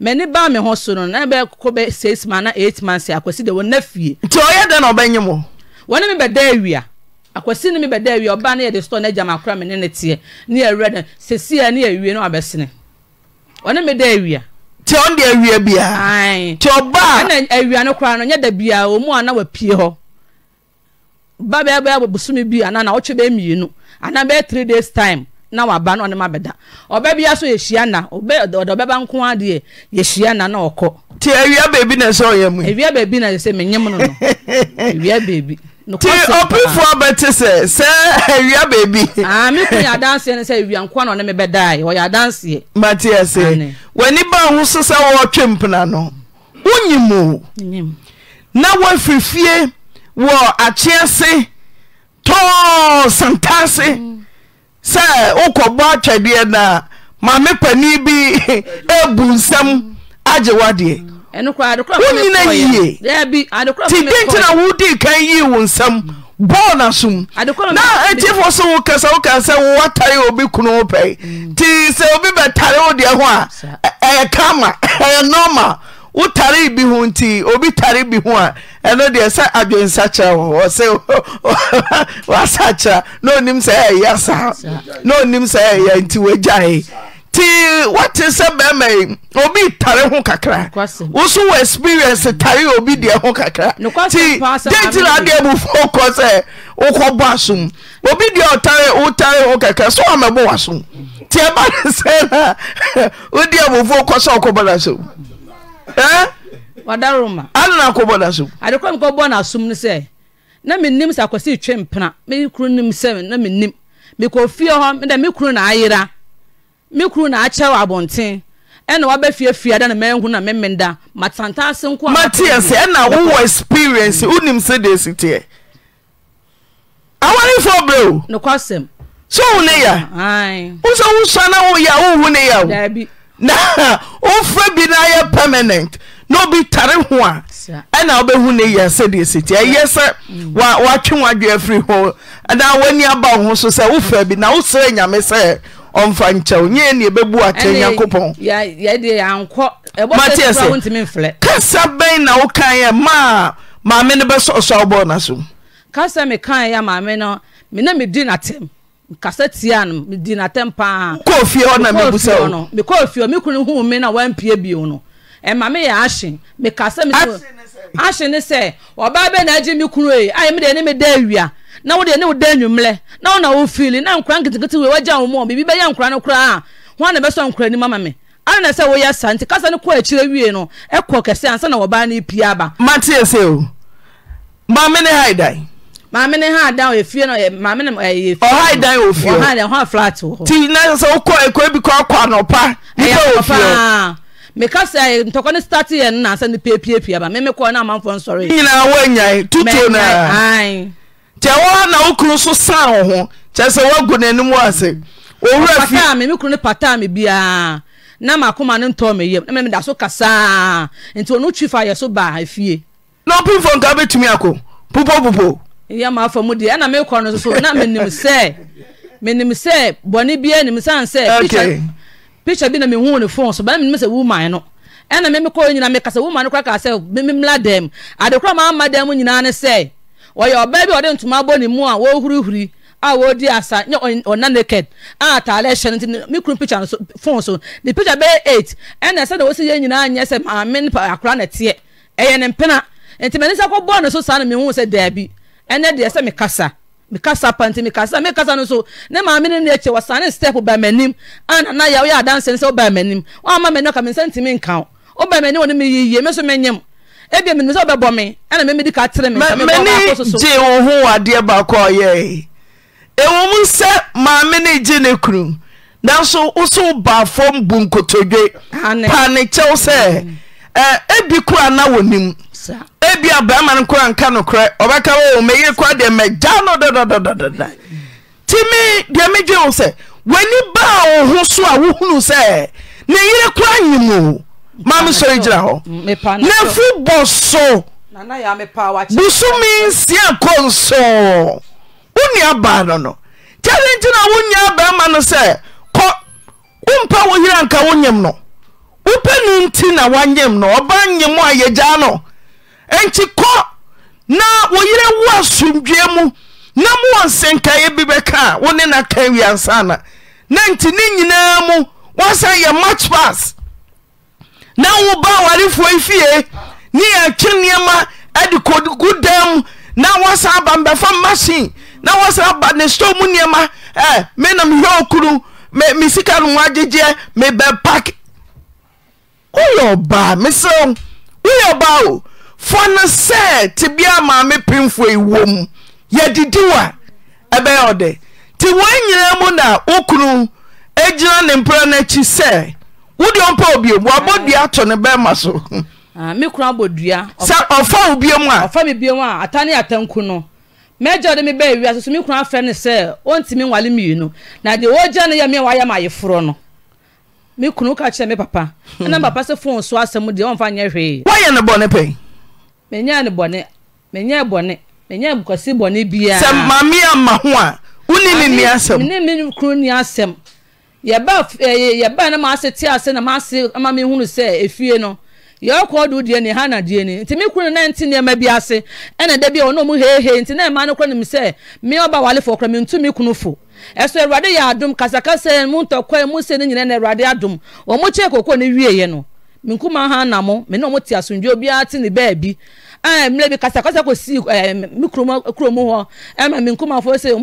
m'ani baa me ho so no na bɛkɔ bɛ six months na eight months akwasi de wɔna fie nti ɔyɛ dɛn na ɔbɛnye mo wɔne me bɛda awia akwasi ne me bɛda awia ɔbaa ne de store na agya makora me ne ne teɛ ne yɛwerɛ no sɛsia ne yɛwie no abɛsene ɔne me da awia nti ɔnde awia biaa nti ɔbaana awia no koraa no nyɛ a biaa ɔ mu ana wapie hɔ ba bɛbɛɛ bosome bi ana na wotwe bɛɛ mmienu anaa bɛyɛ three days time na waba na ɔne ma bɛda ɔbɛ bia so yɛhyia na ɔde ɔbɛba nko adeɛ yɛhyia na na ɔkɔ nti awia baabi na ɛsɛ ɔyɛ mu awia baabi na ɛsɛ menyem no no nti ɔpefoɔ bɛte sɛ sɛ awia beabi matiase w'ani ba ho so ya wɔɔtwe mpena no wonyim nọ na woafirifie wɔ akyeɛ se tɔɔ santa se sɛ wokɔbɔ atwadeɛ no a ma maame pani bi abu nsɛm agye woadeɛ wonyina yie ti di nti na wodii kan yie wo nsɛm bɔɔnosomna ɛtifo so wokɛsɛ woka sɛ wowatare obi kunu wo pɛi nti sɛ obi bɛtare wo deɛ ho a ɛɛkama ɛnɔma wotare bi ho nti obi tare bi ho a ɛno deɛ sɛ adwensa kyera wɔs wasa kyera ne nim sɛ ɛɛyɛ sa ne nim sɛɛɛyɛ nti woagyae nti wote sɛ bɛrima yi obi tare ho kakra wo so wɔ experiense tare obi deɛ ho kakra nti denti na adeɛ bufo kɔ sɛ wokɔbɔ asom obi deɛ ɔtare wotare ho kakra so wamɛbɔ w'asom nti ɛba ne sɛ na wode abufo kɔ sɛ wokɔbɔ no asom adena kɔbɔ no asom adekɔ mekɔbɔ no asom no sɛ na mennim sɛ akwasɛ twe mpena me kuro nim sɛ na mennim mekɔ fie hɔ medɛ me kuro na ayera me kuru na akyɛw abɔnten ɛna wabɛfiafie ada na mahu na memeda matanta ase nko matias ɛna wowɔ experience wonim sɛ de si teɛ awarefo berɛ o nokwasɛm sɛ wo ne ya wo sɛ wosua na woyɛ wohu ne ya o na wofrɛ bi na ayɛ permanent na obi tare ho a ɛna wobɛhu ne ya sɛdeɛ si teɛ ɛyɛ sɛ mm. woatwe w'adwe afiri ho na w'ani aba wo ho so sɛ wofrɛ bi na wosrɛ nyame sɛ ɔmfa nkyɛw nyɛ ne ɛbɛbu atɛ nyankopɔn kasa bɛn na wokaeɛ maa maame no bɛsɔɔsɔ wobɔɔ no so kasa mekaeɛ maame no mena medi natɛm kasa tia no medi natɛm paa mekɔɔ fie hɔ na mebu sɛ wo mekɔɔ fie hɔ me kunu huu me na wampie bio no ɛma meyɛ ahye mekasɛ me ahye ne sɛ ɔbaa bɛ na agye me kunu e ayɛ mede ne da awia na wode ne woda anwummerɛ na na wo fili na nkura nketenkete wei wagya wo mu biribi bɛyɛ nkura no koraa a ho a na ɛbɛsɔ nkora anim ama me ana na sɛ woyɛ sa nti kasa no kɔ akyirɛ wie no ɛkɔ kɛsɛ ansa na wɔbaa no pie aba mateɛ ese o maame ne haidan maame ne ha dan yɛ fie no yɛ maame ne yɛ fie ɔha dan wɔ fie ɔha dan ɔha flat wɔ hɔ ti na sɛ wokɔ ekɔ bi kɔ akɔ anɔpa nipa wɔ fie meka sɛ eh, ntɔkwa no start yɛ no nansa no piepiepia ba meme kɔɔ no amanfoɔ nsɔre nyinaa woanyae tuto no nkyɛ wɔa na wo kunu so saa wo ho kyɛ sɛ woagu n'anim wɔ ase owura fi me me kunu ne pata me biara na makoma no ntɔ me yam na memeda so kasaa nti ɔno twi fa yɛ so baa afie na ɔpemfo nka bɛtumi akɔ popo popo yɛmaafa mu deɛ ɛna mekɔ no so na menim sɛ menim sɛ bɔne biaa nim sane sɛ picture bi na mi hu ne phone so bẹẹni mi sẹ woman no ɛna mi mi kɔ nyina mi kasa woman no kora kasa mi mi mla dɛm adekora maa ma dɛm nyinaa ne sɛ wɔyɛ ɔbaa bi ɔde ntoma abɔ ne mu a wɔhurihuri a wɔredi asa nyɛ ɔna naked a ataare ɛhyɛ no nti mi kuru picture no so phone so ne picture bɛyɛ eight ɛna ɛsɛ na wɔsi yɛ nyinaa nyɛ sɛ maame ne akora na teɛ ɛyɛ ne mpena nti mɛ ne nsa kɔ bɔɔl ne so saa na mi hu sɛ daabi ɛnɛ deɛ sɛ mi kasa mekasa pa nti mekasa mekasa no so ne maame no no akyi wɔsane step ba m'anim ana na yɛ woyɛ adanse no sɛ woba m'anim woama m'ani ɔka mensa ntimi nka wo woba m'ani wɔ ne meyiyie me so menyem ebia menim sɛ wobɛbɔ me ɛna memedi ka tere memani gye wo ho adeɛ baakɔ ɔyɛe ɛwom e sɛ maame no gye ne kunu nanso wo so wobaa fam bu nkotodwe pa ne kyɛw sɛ eh, ebi kora na wɔnim ebi barima no kora nka nokorɛ ɔbɛka wɔ oh, mɛyere kora deɛ magya no dɔdɔdɔdɔda ntimi deɛ medwe wo sɛ w'ani baa wo ho so a wohunu sɛ ne yere kora nyimoo ma mesɔre gyina hɔ mm, na bɔ so busome nsia kɔ nsoo wo baa no no kyɛ ne nti na wonya barima no sɛ kɔ wompa wo yere anka wonyim no wopɛ no nti na woanyim no ɔba nyim a yɛgyaa no ɛnti kɔ na wo yerɛ wo asomdwoe mu na mowɔ nsɛnkaeɛ bi a wo ne na ka wiansa na na nti ne nyinaa mu woasan yɛ match pass na wo baa warefoɔ yi fie ne yɛatwe nneɛma ade kogu dam na woasan aba mbɛfa machine na woasan aba ne sto mu nneɛma menam hwɛ okunu me sika no ho agyegyeɛ mebɛ pak woyɛ ɔbaa mesrɛ woyɛ ɔbaa o fa no sɛ te biaa maame pemfo iwom yɛdidi wa ɛbɛyɛ ɔdɛ nti wɔn nyinaa mu na wo kunu gyina ne mpra no akyi sɛ wodeɛ ɔmpɛ obiom wabɔ dua atɔ ne bɛrima so ah, sɛ ɔfa mu a atanku no mɛgya de mebɛɛ wia so so me kora afrɛ no sɛ ɔntimi nwale mmienu na deɛ wɔgya no yɛ mea wayɛ ma ayeforɔ no me kunu woka kyerɛ me papa na papa sɛ fo so asɛm deɛ ɔmfa nyɛ hwee woayɛ no bɔne pɛ menya ne bɔne menya bɔne menya bukɔsi bɔne biara. sɛ maame ama ho a wuni ne ni asɛm. ne mi kuro ni asɛm yaba ɛɛ eh, yaba na maa se te ase na maa se ama mi hunu sɛ efie no yɛkɔ do die ne ha na die ne nti mi kuro na nti nneɛma bi ase ɛna dɛ bi a ɔno mu hehe nti na ɛma no kɔ ne mu sɛ mi ɔba wale fɔ kora mi ntu mi kunu fo ɛso awurade yɛ adum kasakasa mu ntɔkwa mu se ne nyina na awurade adum wɔn mo kyɛ koko ne wie yɛ no. menkuma ha na mo me na te asomdwe obiara te ne bi kasakasa kurom hɔ ofie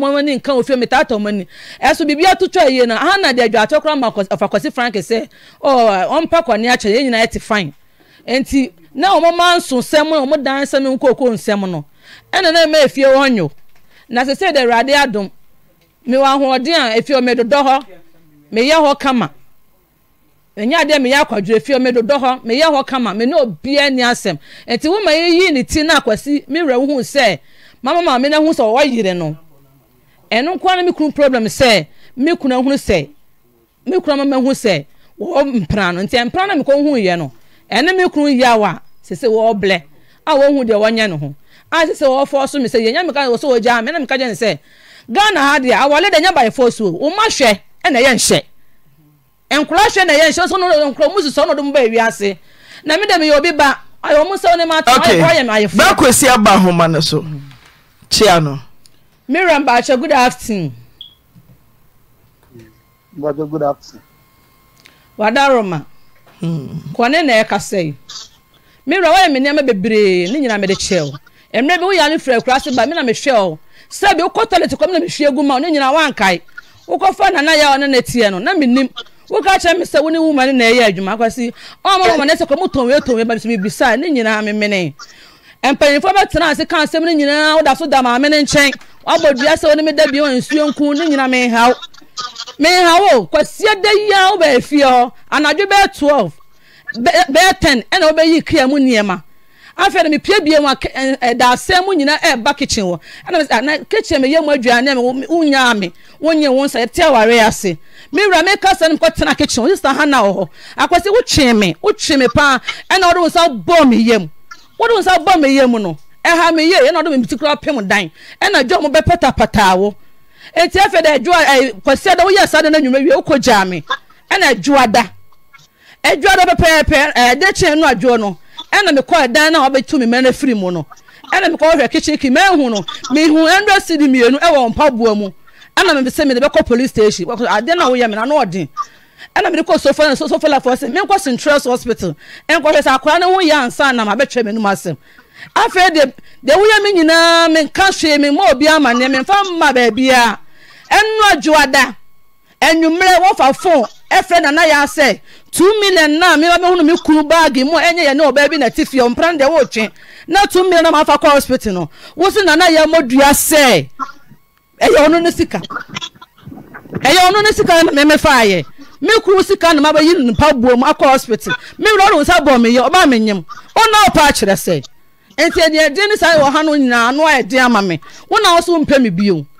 ni ɛso aha na de adwaatɔ kora ma ɔfa kɔsi frank sɛ ɔmpa kɔne akyɛ yɛn nyinaa ɛte fine nti na ɔmama nso nsɛm na ɔmo dan nsɛm nsɛm no ɛna na ɛma na sɛ sɛ de awurade adom mewɔ ahoɔden a efie hɔ ɛnyɛ adeɛ meyɛ akwadwerɛ fie medodɔ hɔ meyɛ hɔ kama me ne obiara ni asɛm nti woma yi yi ne ti na akwasi me werɛ wohu sɛ mama maame no ho sɛ ɔwɔ yere no ɛno nkoa no me kunu problem sɛ me kunu ahunu sɛ me kunu mama hu sɛ wɔwɔ mpra nti mpra no mekɔ hu yɛ no ɛne me kunu yaw a sese wɔwɔ blɛ a wɔhu deɛ wɔnyɛ no ho a sese wɔwɔ fɔ so me sɛ yɛnya meka wɔ sɛ wɔgyaa me na meka gye ne sɛ ghana ha deɛ awɔle deɛ nyɛ by force o ma hwɛ ɛna nkura hwɛ na ɛyɛ nhyɛ so no nkura mu susɔ na ɔde mu ba ewi ase na mi dɛm yɛ obi ba ayɛ ɔmo sɛ ɔne ma ta ɔyɛ ɔyɛ no ayɛ fo. baako si aba ahoma no so kyea no. miriam baakyɛ good afternoon. baakyɛ good afternoon. wada roma. Hmm. kɔne na ɛkasa e yi miriam wɔyɛ mi nneɛma bebree ne nyinaa mi de kyɛw mmerɛ bi woyɛ ne fira akura se ba mi na mi hwɛ o sɛbi wokɔ toilet kɔ mi na mi hwɛ egu ma o ne nyinaa wankae wokɔ fa nana yɛ ɔne ne tiɛ no na mi nim woka kyerɛ me sɛ wo ne woma ne na ɛyɛ adwuma akwasi ɔma woma ne sɛ kɔ motɔn wei tɔn wei ba sɛ mebisa ne nyinaa memene mpanyinfoɔ bɛtena ase ka asɛm no nyinaa woda so da maame ne nkyɛn wabɔ dua sɛ wo ne meda bia nsuo nku ne nyinaa menhaw menhaw o kwasia da yi a wobɛɛ fie hɔ anadwo bɛɛ twelve bɛɛ ten ɛna wobɛyi kria mu nneɛma afei na mepie bie mu ɛda eh, eh, asɛm mu nyinaa ɛɛba kitchen wɔ ɛna ah, na kitchen mi yɛ mu aduane mi wonya mi wonye wɔn nsa yɛte aware ase mi wura mi kasa ne mu kɔ tena kitchen wɔ sisan hana wɔ hɔ akwasi wotwe mi wotwe mi paa ɛna wɔde wɔn nsa bɔ mi yam wɔde wɔn nsa bɔ mi yam no ɛha mi yie ɛna wɔde mi ti kura pɛm dan ɛna dwa mo pata pata awɔ eti afei dɛ adwa ɛ eh, kwasi ada woyɛ asa de na nnwuma wie wokɔ gyaa mi ɛna adwa da adwa da pɛpɛɛpɛ ɛɛ ɛna mekɔ dan no a wɔbɛtu me mɛ no afiri mu no ɛna mekɔ hwɛ kitchen ki mɛhu no mehu ɛndrɛ sidi mmienu ɛwɔ mpaboa mu ɛna mebisɛ mede bɛkɔ police station adeɛ no a woyɛ me na ano ɔden ɛna mede kɔ sofa na sofa lafoɔ sɛ menkɔ sentress hospital ɛnkɔhwɛ sɛ akora no ho yɛ ansa na mabɛtwɛ m'anim asɛm afei de de woyɛ me nyinaa menka hwee me mma obi amanneɛ memfa mma baabiaa ɛno adwoada anwummerɛ wɔfa phone ɛfrɛ nana yɛ asɛ two million na mema mehunu me kuru baagi mu ɛnyɛ yɛ ne ɔbaa bi na ti na two million na maafa kɔ hospital no nana sɛ ɛyɛ ɔno sika ɛyɛ ɔno sika na meme faayɛ me kuru sika na mabɛyi ne mpa buo mu akɔ hospital ɔno nsa bɔ yɛ ɔna ɔpa akyerɛ sɛ nti wɔ ha a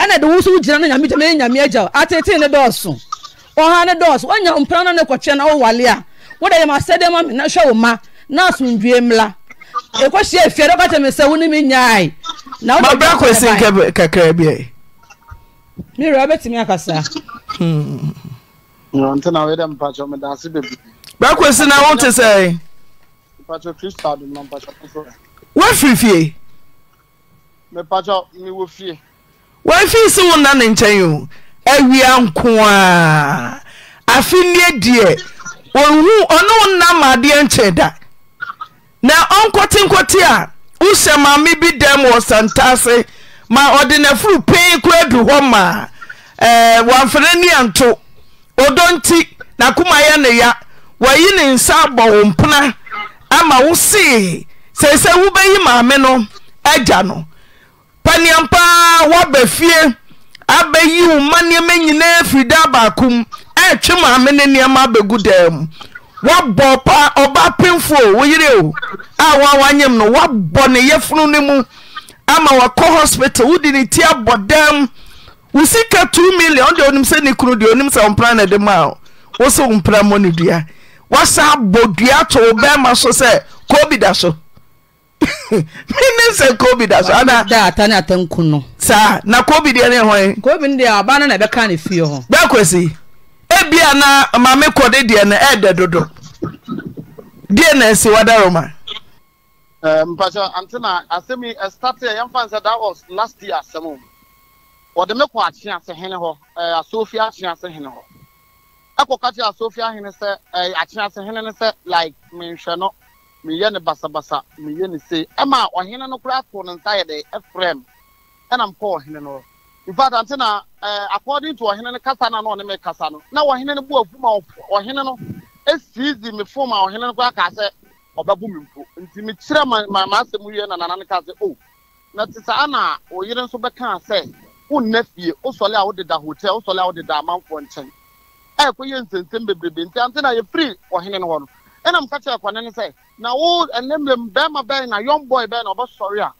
ɛna de wusu gyina no nyame gyama nyame agya atete ne dɔɔso ɔha ne dɔɔso wanya mpran no ne kɔtwɛ na wowale a wode yɛ masɛdeɛ ma me na hwɛ wo ma na asomdwie mmla ɛkɔhyia afie dɛ kɔkyɛ me sɛ wo ne me nyae na wobɛbra kɔsi kakra bi mewura wobɛtumi akasa hmm. na wɔyɛ dɛ mpakyɛ medase bebree bɛkɔsi na wote sɛ mpakyɛ kristo adom na mpakyɛ wafiri fie mepakyɛ mewɔ fie si wo nna ne nkyɛn o awia nko a afenniɛ deɛ ɔhu ɔne wo nna maadeɛ nkyɛ da na ɔnkɔte nkɔte a wohyɛ maame bi dɛm wɔ santa ase ma ɔde n'afuru pei kora adu hɔ maa eh, wɔamfana ni anto ɔdɔ nti nakoma yɛ ne ya wayi ne nsa abɔ wo mpena ama wo see sɛi sɛ wobɛyi maame no agya no apanneɛm paa woaba fie abɛyi wo mma nnoɔma nyinaa firida abaako m ɛtwe ma amene nnoɔma abɛgu daa mu woabɔ pa ɔba pemfoo wo yere o a woa woanyam no woabɔ ne yɛfunu no mu ama woakɔ hospital wode ne ti abɔ dan mu sika 2 million ode onim sɛ ne kunu deɛ onim sɛ wompra na de maa wo sɛ wompra mmɔ ne dua woasa abɔ dua to wo bɛrima so sɛ koobi da so mene sɛ covid aso saa na covid deɛ ne hɔ bɛkwasi ebia na mame kɔde deɛ na ɛdɛ dodo deɛ na asi wadaroma mpasɛ ante na asɛm yi ɛstate yɛmfa that was last year asɛm o wɔde me kɔ akye ase hene hɔ asoofi akye ase hene hɔ ɛkɔ ka kyerɛ ahene sɛ akye ase hene ne sɛ like menhwɛ no meyɛ no basabasa meyɛ no se ɛma ɔhene no koraa to ne nsa yɛ ɛfrɛ m ɛna mpɔ ɔhene no in fact ante na ɛɛ eh, according to ɔhene no kasa na na ɔne me kasa no na ɔhene no bu afum a ɔhene no esiizi me fom a ɔhene no koraa ka sɛ ɔbɛbu me mpo nti me kyerɛ ma ma ma asɛm wie na nana no kaa sɛ o oh, na te saa na ɔyere nso bɛka sɛ wonna fie wosɔle a wodeda hotel wosɔle a wodeda amanfoɔ nkyɛn ɛɛkɔ yɛ nsensɛm bebrebe nti ante na yɛfiri ɔhene no hɔ no ɛna mka kyerɛ kwane no sɛ na wo ɛnemmrem bɛrima bɛn na young boy bɛn na ɔbɛsɔre a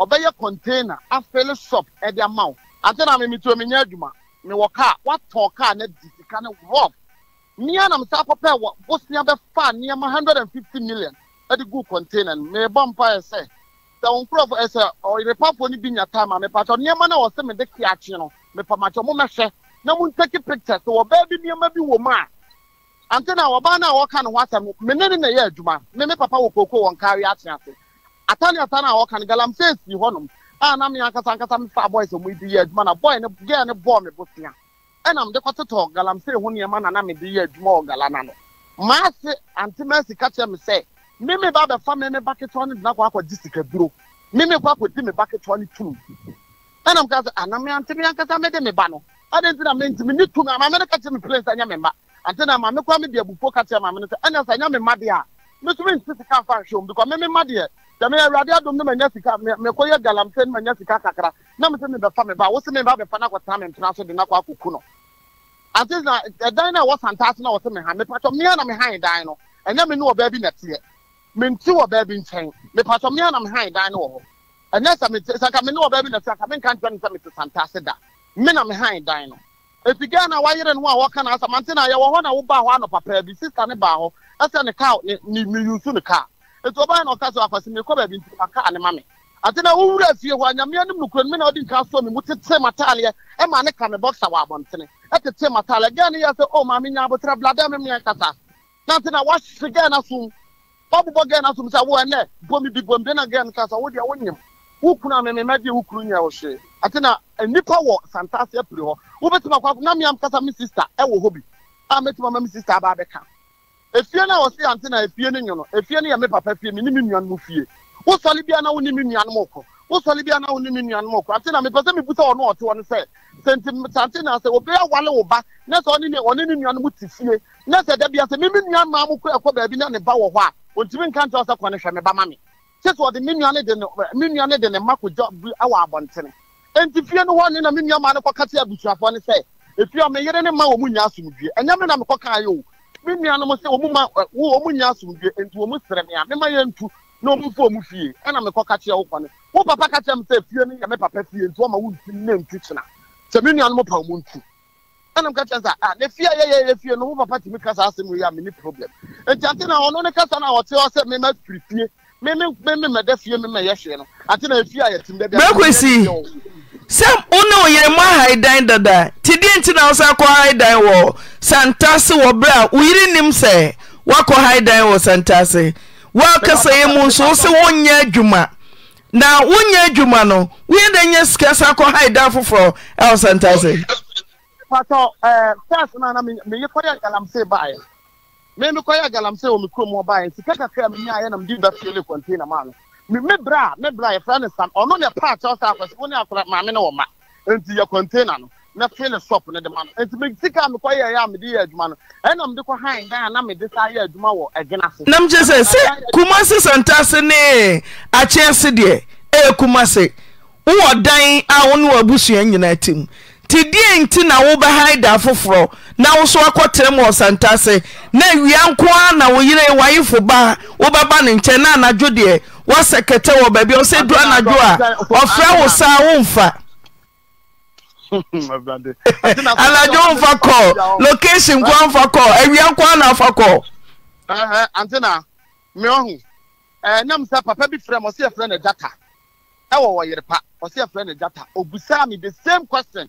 ɔbɛyɛ container afele shop ɛde ama wo ante na me metuo menyɛ adwuma mewɔ kaa woatɔn kaa na di sika ne rob mmea na mesa akɔpɛ wɔ bosnia bɛfaa nneɛma hundred and fifty million ɛde gu container no merebɔ mpaeɛ sɛ sɛ wo nkurɔfo ɛsɛ ɔyerepafoɔ no bi nya time a mepatɔ nneɛma no a wɔsɛ mede ke akye no mepamatɔ momɛhwɛ na montaki pictures wɔ oh, baa bi nneɛma bi wɔ mu a anke na ɔbaa no a wɔka ne ho asɛm no me ne na ɛyɛ adwuma me me papa wɔ kooko wɔn kaare atena ase atane atane a wɔka no galamsey si hɔnom a na me ankasa ankasa me fa boys a mo di yɛ adwuma na boy ne girl ne bɔɔ me bosea ɛna mede kɔtotɔ galamsey ho nneɛma na na mede yɛ adwuma wɔ gala na no maa se ante mercy ka kyerɛ me sɛ me me ba bɛfa me me ba ketewa no na kɔ akɔ gye sika duro me me kɔ akɔ di me ba ketewa no tum ɛna mo ka sɛ anam ante me ankasa me de me ba no ade nti na me ntumi ne tum ama me ne ka kyerɛ me place ɛnyɛ me mma ante na maame kora mi de abufuo ka kyerɛ maame no sɛ ɛnna sɛ ɛnyɛ me ma deɛ a metumi nsi sika afa ahwɛ mu because meme ma deɛ dɛmɛ awurade adom no ma nya sika mekɔ yɛ galamsɛ no ma nya sika kakra na mese mebɛfa me ba wo se me ba bɛfa no akɔtena me mpena so de no akɔ akɔku no ante na ɛdan no a ɛwɔ santaase no a wɔse meha mepatɔ mea na mehan dan no ɛnyɛ mi ne wɔ baa bi nɛteɛ menti wɔ baa bi nkyɛn mepatɔ mea na mehan dan no wɔ hɔ ɛnyɛ sɛ sɛ ka me ne wɔ baa bi nɛteɛ ka menka nkyerɛ ne sɛ mete santaase da me na mehan dan no efi ghana wayere no a wɔka na asam ante na yɛwɔ hɔ na wobaa hɔ anɔ papaa bi sista ne baa hɔ ɛsɛ ne kaa ne ne meyusu ne kaa etu ɔbaa na ɔka sɛ akwasi mekɔ baabi nti ma ne ma me ante na wowura fie hɔ a nyame anim no kuro no me na ɔde nka so me mu tete mataaleɛ ɛma ne ka me bɔksa wɔ abɔntene ɛtete mataaleɛ ghana yɛ sɛ o maame nya abotire blada me mmea kasa nante na wahye ghana som ɔbobɔ ghana som sɛ wo ɛnɛ bomi bi bomi bi na ghana kasa wo deɛ wonyem wo kunu amemema deɛ wo kunu nyɛ wo hwee ante na nnipa wɔ santase apiri hɔ wobɛtumi akɔ na mmea kasa mi sister ɛwɔ hɔ bi a mɛtumi ama me sister aba abɛka efie no a wɔsi ante na efie no nyono efie no yɛ me papa fie me ne me nuanom fie wosɔre bia na wo ne me nuanom kɔ wosɔre bia na wo ne me nuanom kɔ ante na mepɛ sɛ mebu sɛ ɔno ɔte hɔ no sɛ sɛnti sante na sɛ obi awale wo ba na sɛ ɔne ne ɔne ne nuanom te fie na sɛ da bia sɛ me me nuanom mo kɔ ɛkɔ baabi na ne ba wɔ hɔ a ontumi nka nkyɛw sɛ kɔ ne hwɛ me ba ma me kyɛ sɛ ɔde me nua ne de ne me nua ne de ne ma kɔ gya awɔ abɔntene nti fie no hɔ ne na me nuamaa no kɔka te abusuafoɔ no sɛ efie a meyere ne ma wɔn mu nya asomdue ɛnyɛ me na mekɔ kaa yɛ o me nuanom sɛ wɔn mu ma wo wɔn mu nya asomdue nti wɔn mu sere me a mema yɛ ntu na wɔn mu fo wɔn mu fie ɛna mekɔ ka kyerɛ wo kɔ no wo papa ka kyerɛ me sɛ fie no yɛ me papa fie nti wɔma wo ntu ne ntu kyena sɛ me nuanom pa wɔn ntu ɛna meka kyerɛ sɛ a ah, ne fie a fie no wo papa tumi kasa asɛm yi a me problem nti ate na ɔno ne kasa na ɔte hɔ sɛ mema firi fie mímí mímí mẹ̀dẹ́ fie mímí ẹ̀yẹ fie no àti náà efi àyẹ̀ tìǹbẹ̀ bí i. mẹ́kọ̀ sí sẹ́ ọ ní òyìnbó mọ́ àhàìdán dada tìdí ntí náà ọ̀sán kọ́ àhàìdán wọ̀ santase wọ̀ bẹ́ẹ̀ a òyìnbó nim sẹ́ wakọ̀ àhàìdán wọ̀ santase wọ́n akasa yẹn mu nso sẹ́ wọ́n nyẹ adwuma na wọ́n nyẹ adwuma no wọ́n yẹn nyẹ sika sẹ́ akọ̀ àhàìdán foforọ ẹ̀ wọ̀ santase. pàtó ẹ̀ẹ́ fẹ́ẹ̀sì me me kɔyɛ galamsey wɔ me kurom hɔ baeɛ sika kakra me nyaayɛ na mede bɛfiele container maa no me me bra me bra yɛfrɛ ne sam ɔno ne paa kyɛw sɛ akɔsɛ wo ne akora maame ne wɔ ma nti yɛ container no na fe ne shop ne de ma no nti me sika me kɔyɛ yɛ a mede yɛ adwuma no ɛna mede kɔ han dan a na mede saa yɛ adwuma wɔ ɛgyena se na mgye sɛ sɛ kumase santase ne akyɛnse ɛyɛ e kumase wowɔ dan a wo ne wɔ abusua nyinaa tim nti deɛ nti na wobɛhae da afoforɔ na wo so akɔterɛm wɔ santa se na awia nko ara na wo yere wayefo baa wobɛba ne nkyɛn na anadwo deɛ woasɛ kɛtɛ wɔ baabi a ɔsɛ duru anadwo a ɔfrɛ wo saa womfa anadwo womfa kɔɔ location nkoa mfa kɔɔ awia nko ara na afa kɔɔ antena me ɔho nam sɛ papa bi frɛ m ɔsɛ yɛfrɛ no data ɛwɔ wɔ yere pa ɔsɛ yɛfrɛ no data obusaa me the same question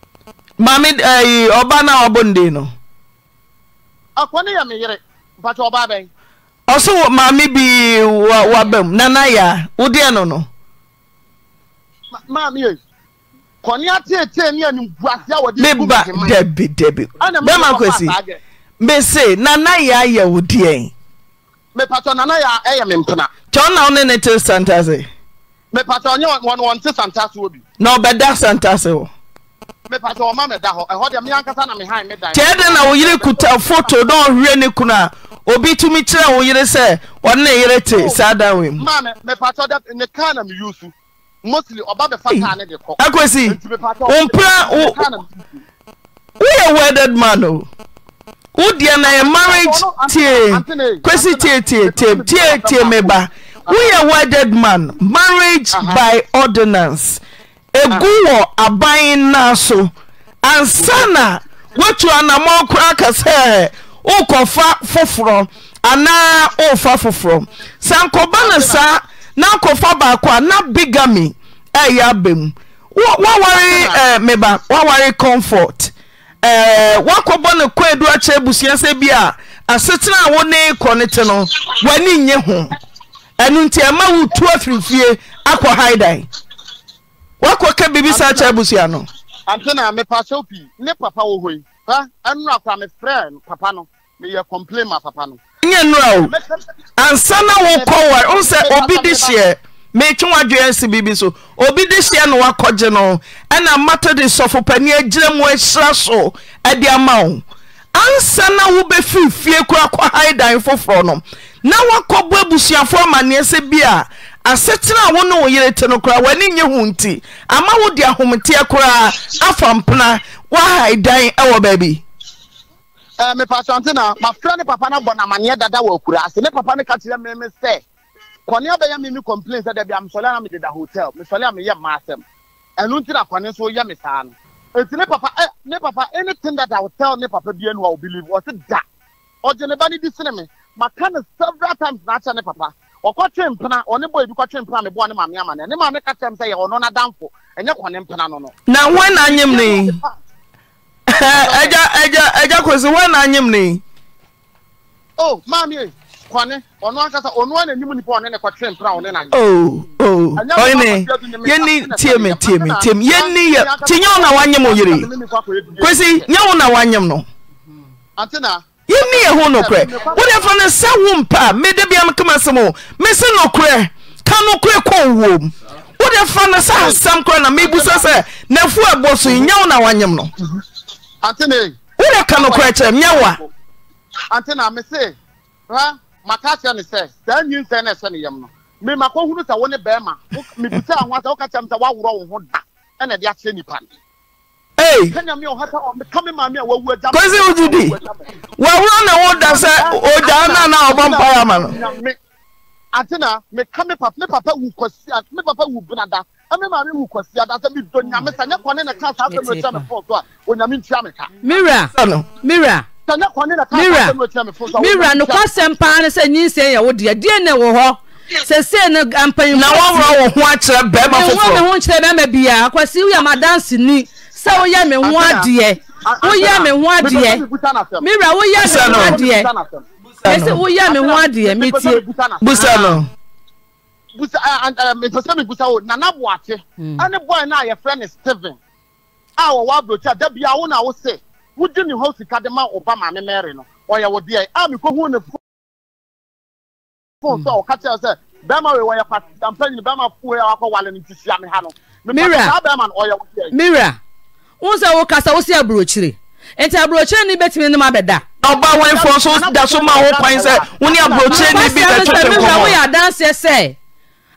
maame ɛyi ọba na ɔbɔ ne den no. akɔni yɛ mi yere mpatsi ɔba bɛn. ɔso maame bi wa wa nana ya wodeɛ no no. maame yɛ kɔni ateetee ni ɛni guase awɔ de gu mi ti ma. dabi dabi bɛma kwesi mbese nana ya yɛ wodeɛ. mepatsi nana ya ɛyɛ mi mpena. kyɛw na ɔne ne te santase. mepatsi ɔnye wɔn wɔn te santase wo bi. na ɔbɛda santase wɔ. mepa sɛ ɔma meda hɔ ɛhɔ deɛ me ankasa na mehan meda kyɛ dɛn na wo yere kuta foto na ɔhwɛ ne kunu a obi tumi kyerɛ wo yere sɛ ɔne ne yere te oh, saa dan wei mu maame mepa sɛ ne kaa na meyi so mostly ɔba bɛfa kaa ne de kɔ akwasi wompra wo woyɛ wedded man o wo deɛ na yɛ marriage tie Kwesi tie tie tie tie tie me ba woyɛ wedded man marriage by ordinance egu wɔ aban naa so ansa na woatu anama koraa ka sɛ worekɔfa foforɔ anaa worefa foforɔ sɛ nkɔba no saa na nkɔfa baako a na bigamy ɛyɛ abam wawari woaware meba woaware comfort woakɔbɔ no kɔadu akyerɛ abusua sɛ bi a asetena a wo ne kɔ ne te no w'ani nnye ho ɛno nti ɛma wotu afirifie akɔ haidan wakɔ Bibi biribi sa kyɛ abusua no ante na mepa sɛ pii ne papa wɔ hɔ yi pa ɛnora kora mefrɛ papa no meyɛ complain ma papa no nyɛ nnora o ansa na wokɔ wa, wo sɛ obi de hyeɛ metwe wadwea si biribi so obi de hyeɛ no wakɔgye no ɛna mata de sɔfo pani agyina mu ahyira so ɛde ama wo ansa na wobɛfiri fie kora kɔ hae dan foforɔ no na wakɔbɔ abusuafoɔ amanneɛ sɛ bi a asetena a wo ne wo yere te no koraa w'ani nye ho nti ama wo de ahometeɛ koraa afa mpena woahae dan ɛwɔ baabi eh, mepasante na mafrɛ ne papa no bɔ namanneɛ dada wɔ akura ase ne papa no ka kyerɛ me me sɛ kɔne abɛyɛ me me complain sɛ dabi amesɔle na mededa hotel mesɔle a meyɛ mma asɛm ɛno nti na kɔne nso yɛ me saa no nti ne papa ɛ eh, ne papa anything that i will tell ne papa bi no a o believe ɔsi da ɔgye ne ba ne bi sene me maka ne several times na akyɛ ne papa ɔkɔtwe mpena ɔne bɔ ebi kɔtwe mpena mebɔ ne maame ama ne ne maame ka kyɛm sɛ yɛ ɔno n'adamfo ɛnyɛ kɔne mpena no no. na wɔn na anyim ne ɛgya ɛgya ɛgya kosi wɔn na anyim ne. o maame yi kɔne ɔno ankasa ɔno a n'anim nipa ɔne ne kɔtwe mpena ɔne n'anyim. o o ɔyine yɛni tie mi tie mi tie mi yɛni yɛ ti nyɛ wɔn na wɔn anyim yiri kosi nyɛ wɔn na wɔn anyim no. antina. yɛnni yɛ ho nokorɛ wodefa no sɛ wo mpa a mede bia mekama sɛm o mese nokorɛ ka nokorɛ kɔ wom wode fa no sɛ asɛm kora na mebu so sɛ nafu abɔ so nya wo na woanyem no wode ka nokorɛ kyerɛ nyɛ wo a ante na mese maka kyerɛ ne sɛ saa nyinsɛn na ɛhyɛ ne yam no memakɔhunu sɛ wo ne bɛrima mebusaa wo ho da ɛna ɛde akyerɛ nnipa kwesi ojidi wawuro na wo da sɛ ogya na na ɔbɔ mpaeɛ ama no meka me papa me papa wu kwasi me papa wu bunada ɛmi maame wu kwasi ada sɛ mi do nyame sɛ nye na kan saa sɛ mi rekyɛ fɔ so a onyame ntua mi ka. mira mira mira mira nukwasɛm paa ne sɛ nyinsɛn yɛ wo deɛ deɛ na wɔ hɔ sese ne mpanyinfo. na wɔn wura wɔn ho akyerɛ bɛrima foforɔ. ne wɔn ne ho akyerɛ bɛrima bia kwasi yɛ madansi ni. sɛ woyɛ m ho adeɛ woyɛ me ho adeɛ mewura woyɛ me ho adeɛ ɛsɛ woyɛ me metie busa no mepɛ sɛ mebusa wo nana boate ɛne bɔe no a yɛfrɛ ne steven a wɔwɔ aburokyi a da bia na wo se wogye ne hɔ sika ma ɔba maame mary no ɔyɛ wo deɛ a mekohu ne fon sɛ ɔka kyerɛ sɛ bɛrima wei wɔyɛ kwampanyini bɛrima fuo a wakɔwale no nti hyia me ha no mepɛ saa bɛrima no ɔyɛ mira wọn sɛ wo kasa wosi aburokyire nti aburokyire ni bɛtumi ne ma bɛ da. ɔba wɔn efo so da ma ho kwan sɛ wọn ni aburokyire ni bi bɛ tuntun kɔn. wọn yɛ adanseɛ sɛ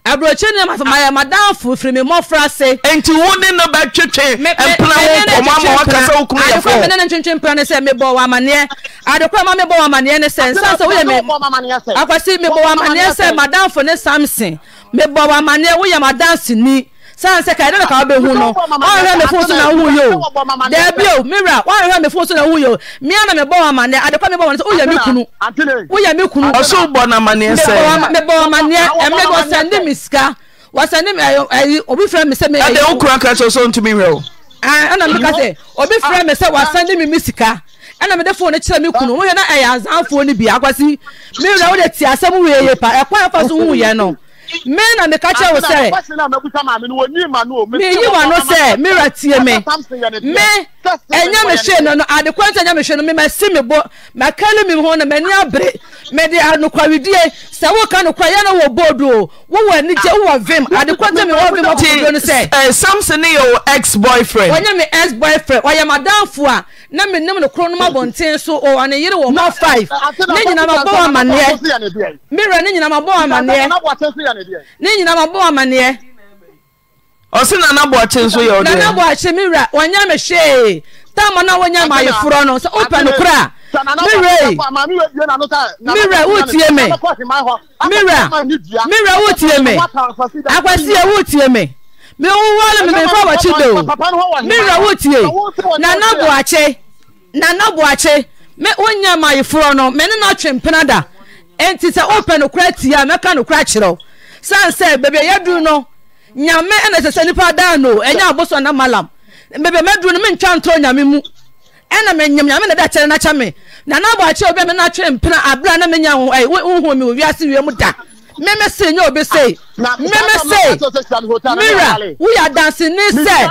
aburokyire ni ma ya yɛ ma dan firifiri mi mɔfra se. nti wọn ni ne bɛ twitwi mpena wo kɔmɔ ama wɔn kasa okun yɛ fɔ. adekun mi ne ne twitwi mpena ne sɛ mi bɔ wɔn amaneɛ adekun ma mi bɔ wɔn amaneɛ ne sɛ nsa sɛ woyɛ mi akwasi mi bɔ wɔn amaneɛ sɛ madanfo ne samson mi bɔ wɔn amaneɛ woyɛ san sɛ kae dɛna ka wobɛhu no woanhwɛ me fo so na wowu yɛ o daabio mewura woanhwɛ me fo so na wowu yɛ o mea na mebɔ wo amanneɛ adepa mebɔ wone sɛ woyɛ me kunu woyɛ me kunu ɔso wobɔ no amanneɛ sɛ mebɔ amanneɛ ɛmerɛ bi ɔsɛnde me sika wɔsɛnde me obi frɛ me sɛ meyɛde wo kura kra kyɛ so ntumi hwɛ o ɛna meka sɛ obi frɛ me sɛ wɔasɛnde me me sika ɛna mede fone kyerɛ me kunu woyɛ na ɛyɛ azamfoɔ no bi akwasi o de ti asɛm weyɛ pa ɛkwa ɛfa so wuyɛ no me na meka kyerɛ wo sɛ meyi wa no sɛ mera tie me me ɛnyɛ me hwee eh, no no adekwa nta ɛnyɛ me hwee eh, oh. ah, eh, ah. no ma memasi oh, me bo makale me ho no m'ani abere mede anokwaredie sɛ woka nokwa yɛ no wɔ board o wowɔ anigye wowɔ vim adekwa nta mewɔ vim ɔkodo no sɛ samson ne yɛ wo ex boyfriend ɔnyɛ me ex boyfriend ɔyɛ madamfo a na menim no korɔ no mu abɔnten so ɔwɔ ne yiri wɔ hɔ five ne nyinamabɔ wɔ amanneɛ merɛ ne nyinamabɔ wɔ amanneɛ ne nyina mabɔ amanneɛ na nana boakye nso yɛ nana boakye me wura ɔnyɛ me hwee tamɔ no wonya ma ayeforɔ no sɛ wopɛ no kora a mewrmewura wotie me mewura wotie me akwasiɛ wotie me mewowɔ no mememfa wɔkye do mewura wotie nana boakye nana boakye wonya ma ayeforɔ no mene na twe da enti sɛ wopɛ nokora tie a mɛka nokora kyerɛw siane sɛ babia yɛ adur no nyame ɛna sɛ sɛ nipa daa no ɛnya abo so na maalam baba mɛdur no mentwa ntorɔ nyame mu ɛna menye nyame na da kyɛrɛ no kyɛ me nana abɔ akyeɛ obia meno atwee mpena aberaa na menya woho mewwiase wia mu da mímí sí ní òbí sí mímí sí mira wúyà dansi ní sẹ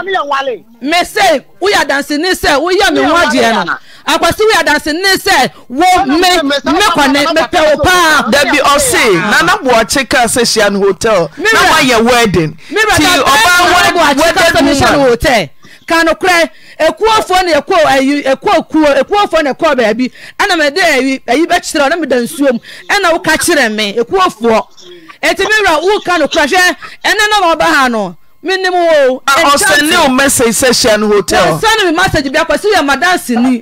mẹsẹ wúyà dansi ní sẹ wúyà mi wọ́n di ẹ̀ nà akwasi wúyà dansi ní sẹ wo mi mi kọ ní mi pẹ o paa. dabi ọsẹ nana buwachi kaa sẹ sian hotel na wàá yẹ wedding ti ọba wedding wedding woman ka nokorɛ ekuofoɔ na ɛkɔ ɛyi ɛkɔ kuo ekuofoɔ na ɛkɔ baabi ɛna mɛ de ɛyi ɛyi bɛkyerɛ ɔna mɛ da nsuo mu ɛna woka kyerɛ mɛ ekuofoɔ ɛti mi wura woka nokorɛ hwɛ ɛna na ɔba ha no minimu wo. ɔsɛn ne o message session hotel. ɔsɛn ne mi message bi akɔsi yɛ madansi ni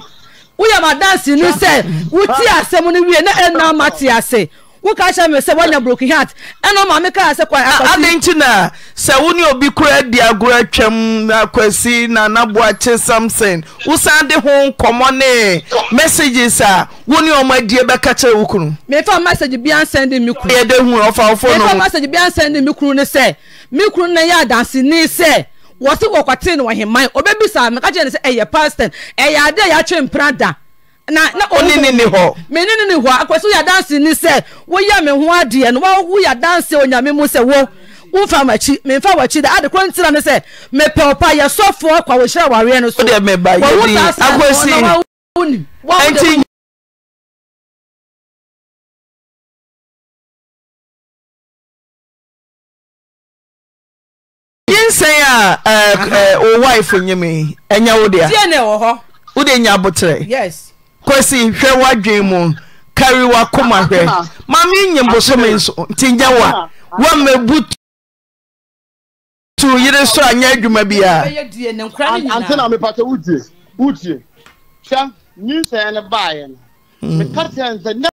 woyɛ madansi ni sɛ wotie asɛm no wie na ɛna ama te ase woka kyerɛ me sɛ woanya broken heart ɛna maame kaa sɛ ade nti na sɛ wo ne obi kora di agorɔ atwam akwasi nanaboakye samson wosan de ho nkɔmmɔ ne messages a wo ne ɔma adie bɛka kyerɛ wo kunu mefa message bia nsɛnde me kunuyɛdɛ hu ɔfawofo no message bia nsɛnde me kunu ne sɛ me kunu no yɛ adanseni sɛ wɔse wɔkɔtee ne wɔheman ɔbɛbisa meka kyerɛ ne sɛ ɛyɛ pastor. ɛyɛ ade a yɛakyerɛ mpra da na na ɔne ni ni hɔ. mene ne ni hɔ akwaso yɛ dansi ni sɛ woyɛ me ho adeɛ no wɔn woyɛ dansi onyame mu sɛ wo wofa m'akyi mefa w'akyi da ade koro ntira ne sɛ mepɛ ɔpa yɛ sɔfoɔ kwa wɔhyɛ awareɛ no so. o de mɛ ba yɛ ni akwasi ni ɛnti. nsɛn a ɛɛ ɛɛ o wife nyimi ɛnyɛ wo dea. tiɛ ne ɛwɔ hɔ. wo de nya abotire. yes kwesi hwɛ wadwen mu kari wa koma hwɛ maame nye bosome nso nti nya wa wa mmebu tu yere so anya adwuma bi a. ante na mepata wutie wutie hwɛ nyinsɛn ne baayɛ no hmm. mekasa nsɛ ne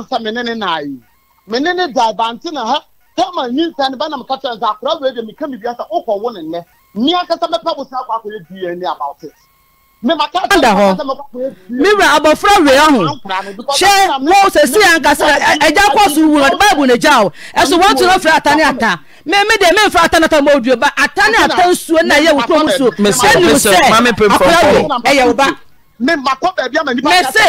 nsa me ne ne naayi me ne ne daa ba ante ha tɛma nyinsɛn ne ba na mekasa nsɛ akora wei de meka mi bi asa okɔ wo ne nnɛ mmea kasa mɛpɛ bosa akɔ akɔyɛ dna about it anda mewura abɔfra wei aho hyɛ wo sɛsi ankasa agya kɔ so wura bible na gya o ɛso wɔnto no frɛ ata ne ata me me de memfa ata ne ata e e ma odue ba ata ne ata nsuo na ɛyɛ wo kurom suo ɛnim sɛ akora wei ɛyɛ wo ba mese akora wei ɛyɛ wo ba nipa na ka kyerɛ me sɛ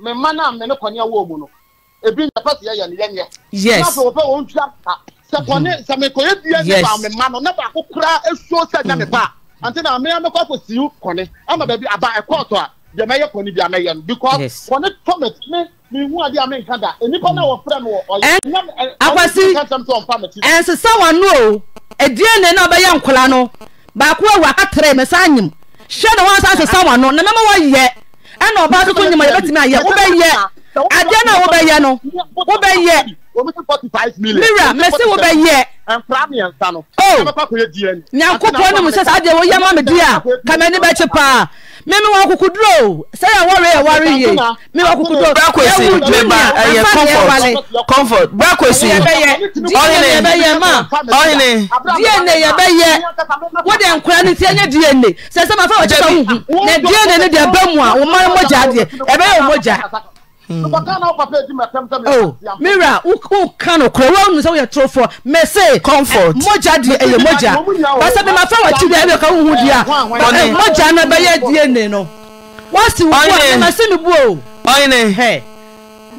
me mma no a me ne kɔnea wɔ mu no ebi nyɛ pɛ sɛ yɛyɛ ne yɛnyɛ yes na afei wɔpɛ wɔn twa ka sɛ kɔne sɛ mekɔyɛ bia ne baa me ma no na baako koraa asuo sɛ nya me ba ante na mmea mekɔ akɔ siw kɔne ama baabi aba ɛkɔɔtɔ a deɛ mɛyɛ kɔne bi amɛyɛ no because kɔne tɔmet ne mehu ade a menka da nnipa na hmm. wɔfrɛ no ɔyɛ akwasi ɛnsesa wano o ɛdie ne na ɔbɛyɛ nkola no baako awu akatrɛ me saa nyim hyɛ na wɔn asa sesa wano na mɛma wɔyɛ ɛna ɔbaa nso so nyim a yɛbɛtumi ayɛ wobɛyɛ ade na wo bɛyɛ no wo bɛyɛ mira mɛsi wo bɛyɛ nyankopɔn ne mu sɛ saa deɛ woyɛ ma me di a kamani bɛkye paa mímí wọn kúkú dúró sẹ́yà wọ́ọ̀rì ẹ̀ wọ́ọ̀rì yìí mímí wọn kúkú dúró ẹ̀wù júnìà ẹ̀fà ni ẹ̀ wálé comfort bẹ́ẹ̀kọ̀sì ọ̀hìnì dna yẹ bẹ yẹ wọ́n dẹ̀ nkura ni tiẹ̀ nye dna sẹ́sẹ́ máa fẹ́ wọ́n jẹ́ bẹ́ẹ̀ hù dna ni dẹ̀ bẹ́ẹ̀ mu a wọ́n mọ́ ẹ̀ mọ́jà adìẹ ẹ̀ bẹ́ẹ̀ yẹ wọ́n mọ́jà mira woka eh, eh, eh, no korɔ woanom sɛ woyɛ torofoɔ mɛse comfort mogya deɛ ɛyɛ mogya basɛ memafa wakyi bia ɛbɛka wohu deɛ a mogya no bɛyɛ dna no wasi wo bua na se mi bu o. ɔyìn hɛ.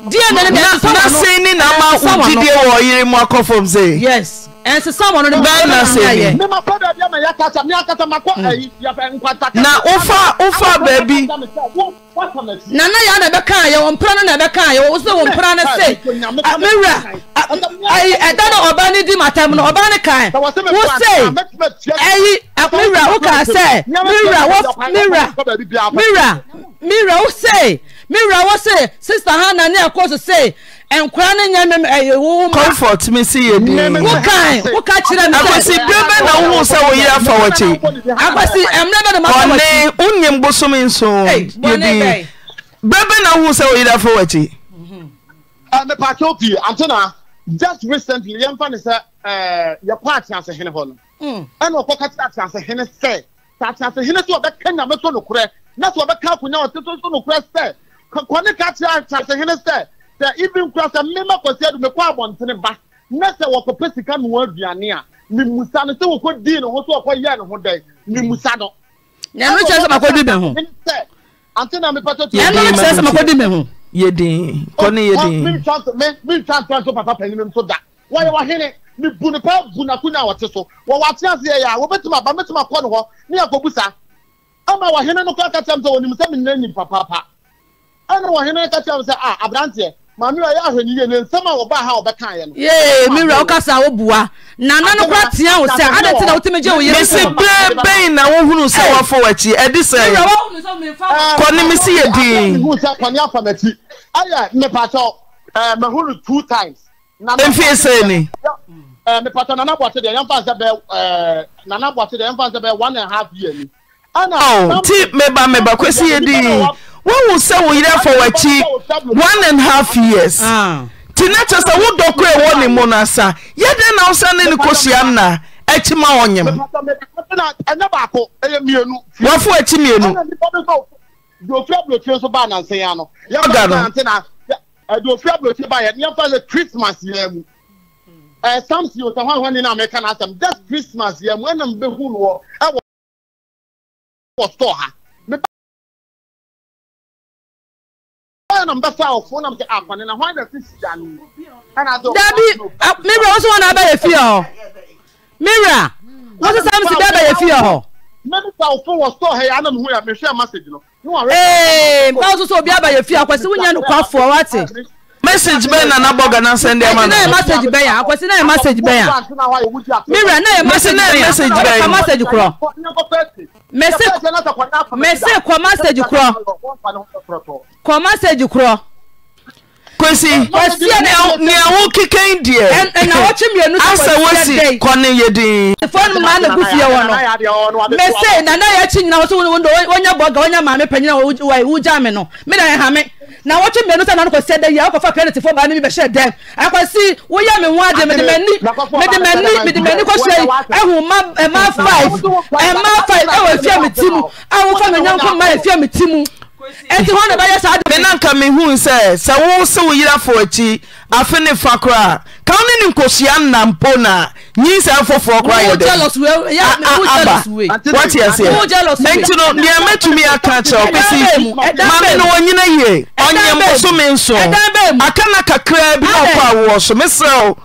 díẹ̀ nínú bí a ti sọ̀rọ̀ nù. nasi ni nàá máa kú jíde wọ̀ yiri mu akọ fún mi. yes ɛnsesa wɔn no ghana sɛbi na wofa wofa baabi nana yɛ na ɛbɛka yɛ wɔn mpira no na ɛbɛka yɛ wɔn sɛ wɔn mpira no se mewura ayi ɛda na ɔbaa ne di ma tam no ɔbaa ne kan wose ayi mewura woka sɛ mewura wɔ mewura mewura mewura wose mewura wose sista hana ne ɛkɔ so se nkura ne nya mɛm ɛyɛ eh, eh, wo ma comfort mi si yɛ di wo kan wo ka kyerɛ mi sɛ akwasi birima na wo sɛ wo yira fa wɔkye akwasi ɛmuna bɛ na ma fa wɔkye ɔne unyim bosomi nso yɛ di birima na wo sɛ wo yira fa wɔkye. ɛmɛ paaki opi antena just recently yɛn fa ne sɛ ɛɛ yɛ kɔ ateasehene hɔ no ɛna ɔkɔ kati ateasehene sɛ ateasehene sɛ ɔbɛ kɛnyɛ mɛ so no korɛ na sɛ ɔbɛ ka akonya ɔte so so no korɛ sɛ kɔni kati ateasehene sɛ sɛ even kura sɛ mmɛma kɔsi adu mɛkɔ abɔntene ba na sɛ wɔkɔpɛ sika no aduane a mimusa no sɛ wɔkɔ dii ne ho so wɔkɔ yɛ ne ho dɛ mimusa no. yɛn no kyerɛ sɛ mako di mɛ ho. ante na mi pɛtɛ tu. yɛn no kyerɛ sɛ mako di mɛ ho. yɛ den kɔni yɛ den. mi ntwa so mi mi ntwa so so papa panyin mi nso da wɔyɛ mm. wɔhene mi bu ne pa bu na kun na wɔte so wɔwɔ ate aseɛ yɛ a wɔbɛtuma ba mɛtuma kɔ ne hɔ ne yɛ kɔ busa ama wɔhene no kɔ akakyɛ mi sɛ wɔnim sɛ mi nna nim papaapa ɛna wɔhene akakyɛ mi sɛ a ah, aberanteɛ maame a yɛ ahwɛniye ne nsɛm a wɔba ha ɔbɛka yɛ no. yee miwura ɔkasa awobua na nanu kura tia o sɛ adi ti na o ti mi jɛ o yɛ. mesi bɛɛ bɛyi na wohunu sɛ wafɔ wɔkyi ɛdi sɛ kɔni mi si yɛ dii. kɔni afa ayɛ mipatɔ ɛɛ two ese e e ni. ɛɛ eh, mipatɔ nana yɛn bɛ ɛɛ nana yɛn bɛ one and a half year ni. Oh, meba meba kwesi yɛ dii. wohu sɛ wo one and a half years nti na kyɛ sɛ wo dɔko a ɛwɔ ne mu no asa yɛdɛn na wo sa ne ne kɔhyia m na akyi ma ɔnyem wɔfo akyi mmienu ɔga no samsi osa hwan hwan ni na meka na asɛm that christmas yɛ mu ɛna mbɛhu no wɔ ɛwɔ store ha ɛyɛ na mbɛfa ɔfo nam sɛ akɔne na hɔn na fi si dan mu dabi mira wosu wɔn na abɛyɛ fie hɔ mira wosu sam si bɛɛ bɛyɛ fie hɔ. mɛnisa ɔfo wɔ store hɛ anam hu ya mehwɛ message no. ee mpa wosu sɛ obi abayɛ fie akwasi wunya nukwafoɔ wate. message bɛyɛ na n'abɔ gana sɛnde ama no. n'ayɛ message bɛyɛ akwasi n'ayɛ message bɛyɛ mira n'ayɛ message bɛyɛ n'ayɛ message korɔ mɛsi mɛsi kɔ message korɔ. kma sɛi k eok a ɛnti hɔ na bɛyɛ saa de me nanka mehu sɛ sɛ wo se wo yerafo akyi afe ne fa koraa ka wo ne ne nkosua nnampo na nyinsaa foforɔ koraa yɛ dɛwatiaseɛnti no nea mɛtumi aka kyerɛ ɔpɛsi mame no ɔnyina yie ɔnyɛ so me nso aka na kakraa bi na ɔkɔ awoɔ so meserɛ wo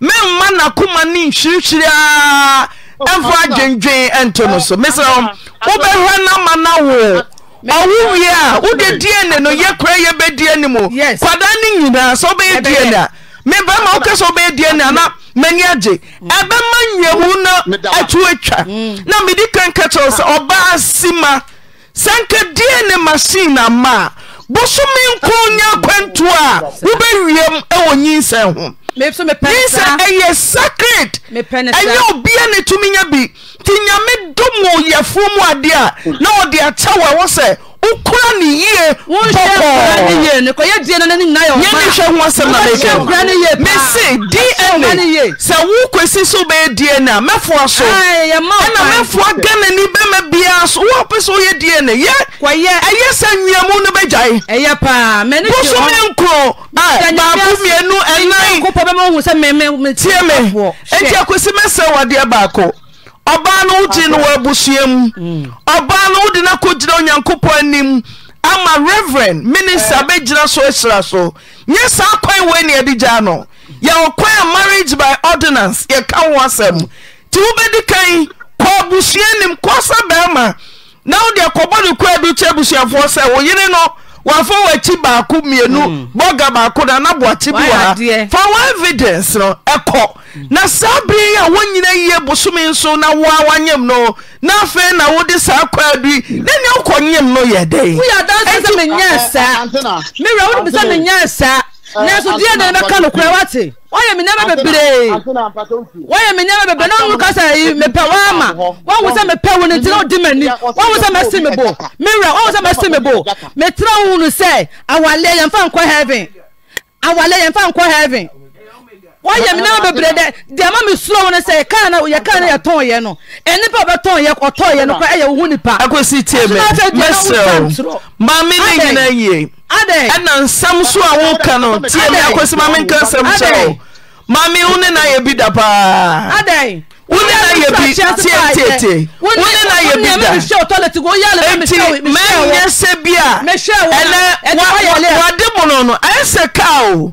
memma nakoma ne nhwirihwiri aa ɛmfa adwendwen ɛnto no so meserɛ wo wobɛhwɛ na ma na wo ɔwo yɛ a wode dn no yɛ kora yɛbɛ dn mu kwadaa ne nyinaa sɛ wobɛyɛ dna a mebɛ ma wokɛ sɛ wobɛyɛ dn ana m'ani agye ɛbɛma nyamu no atu atwa na mede kanka kyɛwo sɛ ɔbaa si ma sɛ nka dna machine ama a boso me nko nya akwantu a wobɛwiam wɔ nyinsɛn ho i sɛ ɛyɛ sakrit ɛyɛ obia ne tumi nya bi nti nyamedɔm wɔ yafu mu adeɛ a na ɔde akyɛ wɔ ɛwɔ sɛ wɔnkora ne yie bɔkɔɔyɛmehwɛ ho asɛm na meka mese dna sɛ wo kwasi so wobɛyɛ dna a mɛfoa so ɛna mɛfoa ghana ni bɛma biara so woapɛ sɛ woyɛ dna yɛ ɛyɛ sɛ nwiamu no bɛgyae bosome nkuro baako mmienu ɛnan tie me enti akwasi mɛsɛ wɔdeɛ baako ɔbaa no wogi no wɔ abusua m ɔbea no wodi no akɔgyina onyankopɔn anim ama reveren minista bɛgyina so hyira so yɛ saa k nda noyɛɔkn a marrage by rdinance yɛka wosɛm nti wobɛdi kai kɔ abusua nim ko sa bɛima na wode kɔbɔdekody abusuafoɔ sɛ o yene no afwi baako mbga mm. baako nnaboaii fawevidence no na saa bere a wɔn nyina yie bosome nso na woa wanyam no na afei na wode saa kwaa bi ne nea wokɔ nyam no yɛ dɛn woyɛ adanse sɛ menyɛɛ saa mewura wode bi sɛ menyɛɛ saa nanso deɛ na ɛbɛka nokora wate wɔyɛ me nneɛma bebree wɔyɛ me nneɛma bebree na ɔwo ka sɛ yi mepɛ wama wɔwo sɛ mepɛ wo no nti na ɔdi m'ani wɔwo sɛ mɛsi me bo mewura wɔwo sɛ mɛsi me bo metena wo no sɛ awale yɛmfa nkɔ heaven awale yɛmfa nkɔ heaven wayɛ mi nama bebree dɛ deɛ ma mi suro wɔn sɛ yɛkaa na yɛkaa na yɛtɔn yɛ no ɛnipa bɛtɔn yɛ ɔtɔn yɛ no kɔ ɛyɛ ohun nipa. akosi tie mi mɛsirɛw maame ne nyina yie ɛna nsɛm so a wɔka no tie mi akosi maame nka nsɛm kyerɛw maame wo ne na yɛ bi da paa wo ne na yɛ bi tie tie tie wo ne na yɛ bi da eti mɛ nyɛ sɛ bi a ɛnɛ wɔde mono no ɛyɛ sɛ kaa o.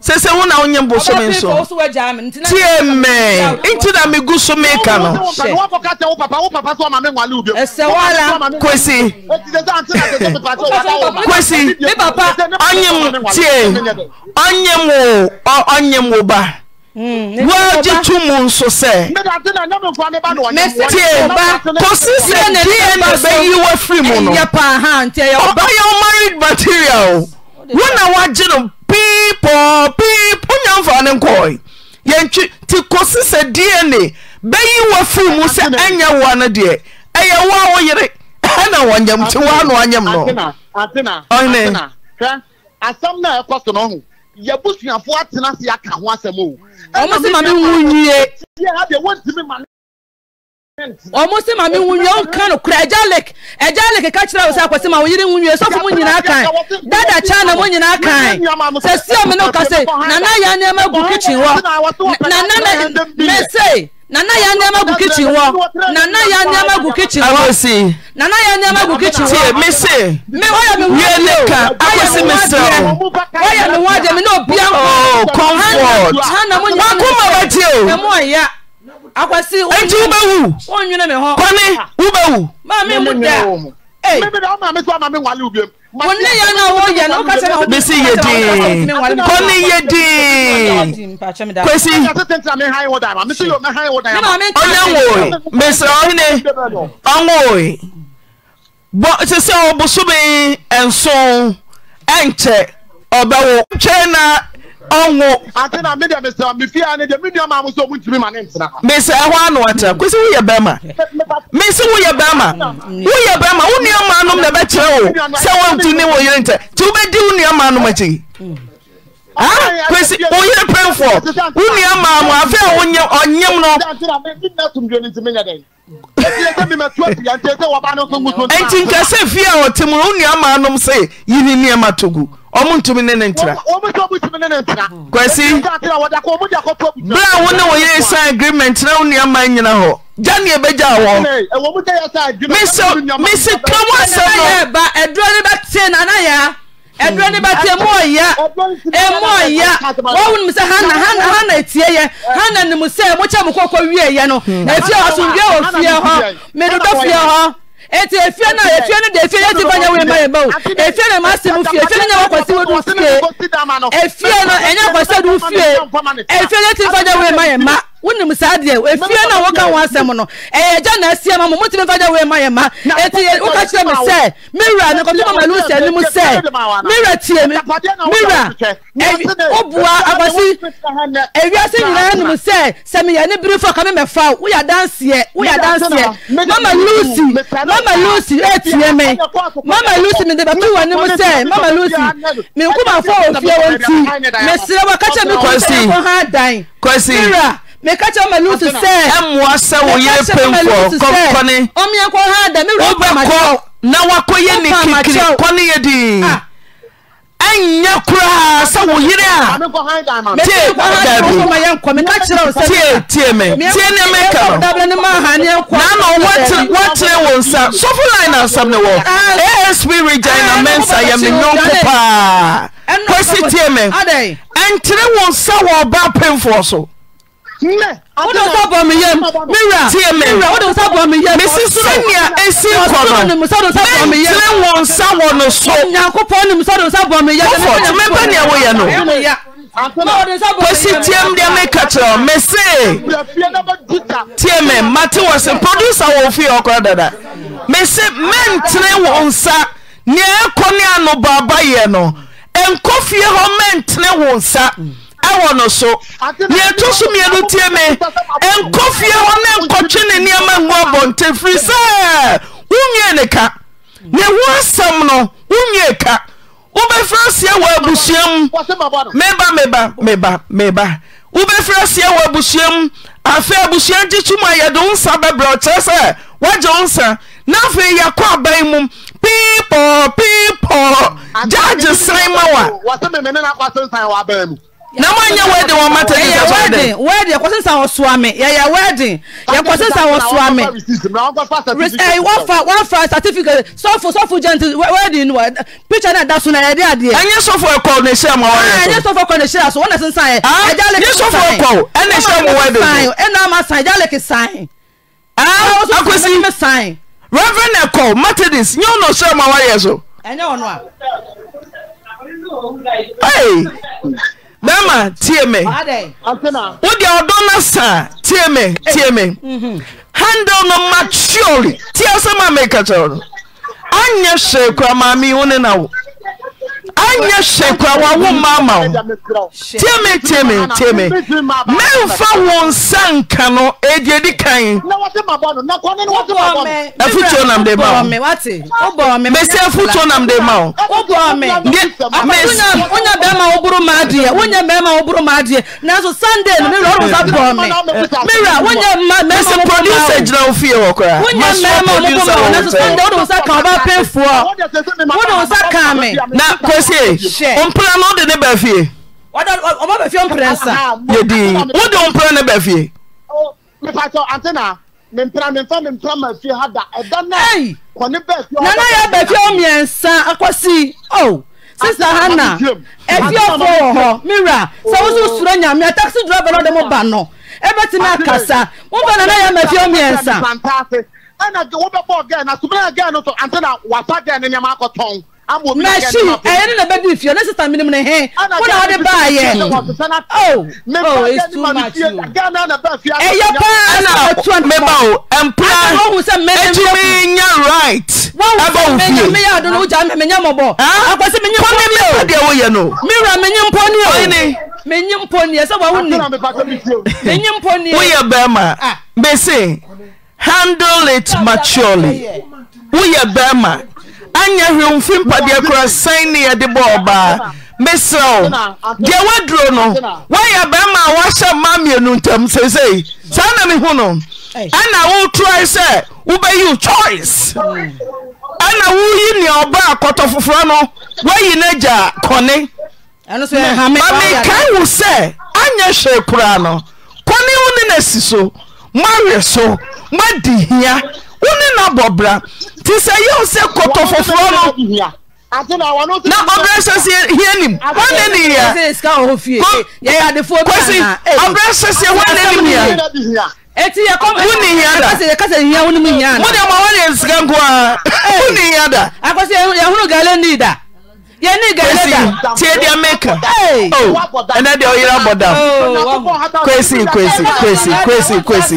sese wona wonyem bosome nsotiɛ me nti na megu so meeka nosks ɔym o ɔnyem wo bawɔgye to mu nso sɛ osesɛɛnabɛyiwa fri mu noɛmarig materialo wona woge no piipɔ piip wonyamfa ne nkɔe yɛntwi nti kɔsi sɛ dna bɛyi wa firi mu sɛ ɛnyɛ woa no deɛ ɛyɛ woa wo yere ɛna wɔnyam nti woa no anyam no ɔhene asɛm na ɛkɔ so no ho yɛbusuafoɔ atena se aka ho asɛm o ɔmo se ma me wu yie ọmụsị ma nwunye nka no kura ẹja lek ẹja lek ka kyerɛ ma woyiri nwunye sɔfo mu nyinaa kan dada kya na nyinaa kan sɛsi omi no kase nana ya nneɛma gu kichin hɔ nana na mese nana ya gu kichin nana ya nneɛma gu kichin hɔ Na nana ya nneɛma gu kichin hɔ mese o na obiara na mu nyinaa e mu akwasi wo eti wo bɛwu wo nwene mi hɔ kɔni wo bɛwu maami mu da ee wo ne yɛ na wo yɛ na o ka sɛ ma o bisi yɛ diin kɔni yɛ diin kwesi ɔnye ŋoe mesiri ɔhene ɔŋoe bɔ sisi ɔbusubi nson ɛnkyɛ ɔbɛwo twɛn na. ọnwụ. ati na mi de mi sọ ya ni de mi ni ọma ntumi ma ne ntina. mbese ɛhɔ anu ɛkyɛ kwesi wuyɛ bɛrima mbese wuyɛ bɛrima wuyɛ bɛrima wu ni ɔma na bɛ kyerɛ o sɛ wɔn tu ni wɔ yere ntɛ di wu ni ɔma anum akyi. ah kwesi oyere pɛnfɔ onye nti nka sɛ fie a ɔte mu wo nuamaanom sɛ yini nneɛma to gu ɔmo ntumi ne ne ntena kwasi berɛ a wo ne wɔyɛ san agreement na wo nuamaa nyina hɔ gya ne ɛbɛgya wɔ mese ka wo asɛm no ɛduro ne bɛte emu ɔya emu ɔya wɔwu nim sɛ hana hana hana etie yɛ hana nim sɛ mo kyɛ mo kɔkɔ wie yɛ no hmm. efie hɔ sunwie wɔ fie hɔ medodo fie hɔ eti efie na efie ne de efie yɛ ti fa nyɛ wɛmba yɛ bawo efie na ma se mu fie efie ne nyɛ wɔkɔsi wo du fie efie no ɛnyɛ wɔkɔsi wo du fie efie yɛ ti fa nyɛ wɛmba yɛ ma wonim saa deɛ efie na woka ho asɛm no ɛyɛ gya na asie ma mo motumi nfa gya wei ma yɛ ma eti woka kyerɛ me sɛ mewura ne kɔtɔ mama lu sɛ anim sɛ mira tie me mewura woboa akwasi ewiase nyinaa nom sɛ sɛ meyɛ ne bere fɔ kame mɛfa woyɛ adanseɛ woyɛ adanseɛ mama lucy mama lucy etie me mama lucy mede bɛto wɔ anim sɛ mama lucy me nkuma afɔ wɔ fie wɔn ti mesrɛ wɔ kakyɛ me kɔsi kɔsi mira meka kyɛ ma lutu sɛ ɛmoa sɛ wo yere pemfo kɔnkɔne ɔmeɛnkɔ ha da me wobɛkɔ na wakɔyɛ ne kikiri kɔne yɛ dii ɛnyɛ koraa sɛ wo yere a tie me tie ne meka nona woatene wo nsa sɔfo line asɛm ne wɔ asp ah. regina ah, mensa yɛ me nyɔnko paa kwasi tie me ɛnkyerɛ wo nsa wɔ ɔba pemfoɔ so mẹ. o de musa bọ mi yẹ mira tiẹ mẹ mira o de musa bọ mi yẹ. mesi sẹniya esi kɔnɔ mɛ tile wɔn nsa wɔ ne so. nyankopɔ ni musa de musa bɔ mi yẹ. kofɔ tuma bɛ ni ɛwɔ yɛ no. kosi tiɛ mu deɛ mi ka kyerɛ o mesi tiɛ mɛ mati wɔ se producer wɔ fi ɔkɔ dada mesi mɛ ntire wɔn nsa nea ɛkɔ ne ano baaba yɛ no nkɔ fie hɔ mɛ ntire wɔn nsa. ɛwneto so mianotie me nkɔfie hɔ ne nkɔtwe ne nneɔma ngoabɔnte firi sɛ wone ne ka ne woasam nwoeka woɛfrɛ seɛ wɔ abawofɛ ɛ ai abusua gye tu m ayɛdewo nsa ɛbrɛ ɔkyerɛ sɛ woagye wo nsa na afei yɛkɔ aban mu pipɔɔ piipɔɔ yage san ma wa na mo nyɛ wedding wɔn mata ne sasɔ de. wedding wedding yɛ kɔsi san ɔsoa mi yɛ yɛ wedding yɛ kɔsi san ɔsoa mi ɛɛ wɔfa certificate sɔfo sɔfo jɛnti wedding wa picture na da ah, so na yɛ de adeɛ. ɛnyɛ sɔfo ɛkɔ ne se ma wɔyɛ so. ɛnyɛ sɔfo ɛkɔ ne se so wɔn na sisan yɛ. ɛdi aleke sign ɛdi sɔfo ɛkɔ ɛna se mu wedding. ɛna ama sign ɛdi sign. ɛɛ ah, ah, akosi reverend ɛkɔ methodist nyɛ ɔna se ma wɔyɛ so. ɛnyɛ ɔno a. bɛima tie me wode ɔdɔ saa tie me tie me handle no matury tia sɛm a meka kyɛw no anyɛ anyɛ hyɛ kora wawo ma ama wo tiemi tiemi tiemi memfa wo nsa nka no edi edi kan afutuo nam de ma wo mesi afutuo nam de ma wo wonya bɛrima woboro ma adeɛ wonya bɛrima woboro ma adeɛ nanso sunday no mewura wode sa bɔɔ me Mira. wonya mesi producer gyina wo fie wɔ koraa wonya mɛrima woboro ma wo nanso sunday wode wo sa ka wobapɛfoɔ wode wo sa ka me na kosi sesie ɔmpra no wode ne baa fie yɛdi wode ɔmpra ne baa fie nana yɛ baa fie ɔmiɛnsa akɔsi o sisa hana efi ɔfo wɔ hɔ mira sɛ wosu suro nyame taxi driver na ɔde mo ba no ebɛti na akasa mo ba nana yɛ baa fie ɔmiɛnsa. ɛna wobɛbɔ gɛn na sumina gɛn no so ante na wasa gɛn ne nneɛma akɔtɔn. achin yɛ no nabɛdefie n sta mnm n o wd ayɛmmeya rightaɛanyamdwyɛ nwɛwoyɛ ma mese handle it maturely woyɛ ma anya hwew mfi mpadeɛ kora sɛn ne yɛde bɔɔbaa mesrɛ wo deɛ woaduro no woayɛ ma a woahyɛ mma mmienu ntam seisei saa na mehu no ɛna wotoae sɛ wobɛyiwo choice ɛna woyi nea ɔbaa kɔtɔ foforɔ no woayi no agya kɔne bamekae wo sɛ anyɛ hwee koraa no kɔne wo ne na asi so moawe so moadi hia wone na bɔbra nti sɛ yɛwo sɛ kɔtɔ foforɔ no na ɔbrɛ hyɛ sɛ hia nim wane ne hiakwasi ɔbrɛ hyɛ sɛ wane nim hia eti yɛ kɔ wo ni hiya e. e da yɛ kasa hiya wo ni mu hiya da mo de ma wo de nsika nko a wo ni hiya da akɔsi oh, oh, yɛ hunu gale ni da yɛ ni gale da tie deɛ meka o ɛnɛ deɛ ɔyere abɔ da kwesi kwesi kwesi kwesi kwesi.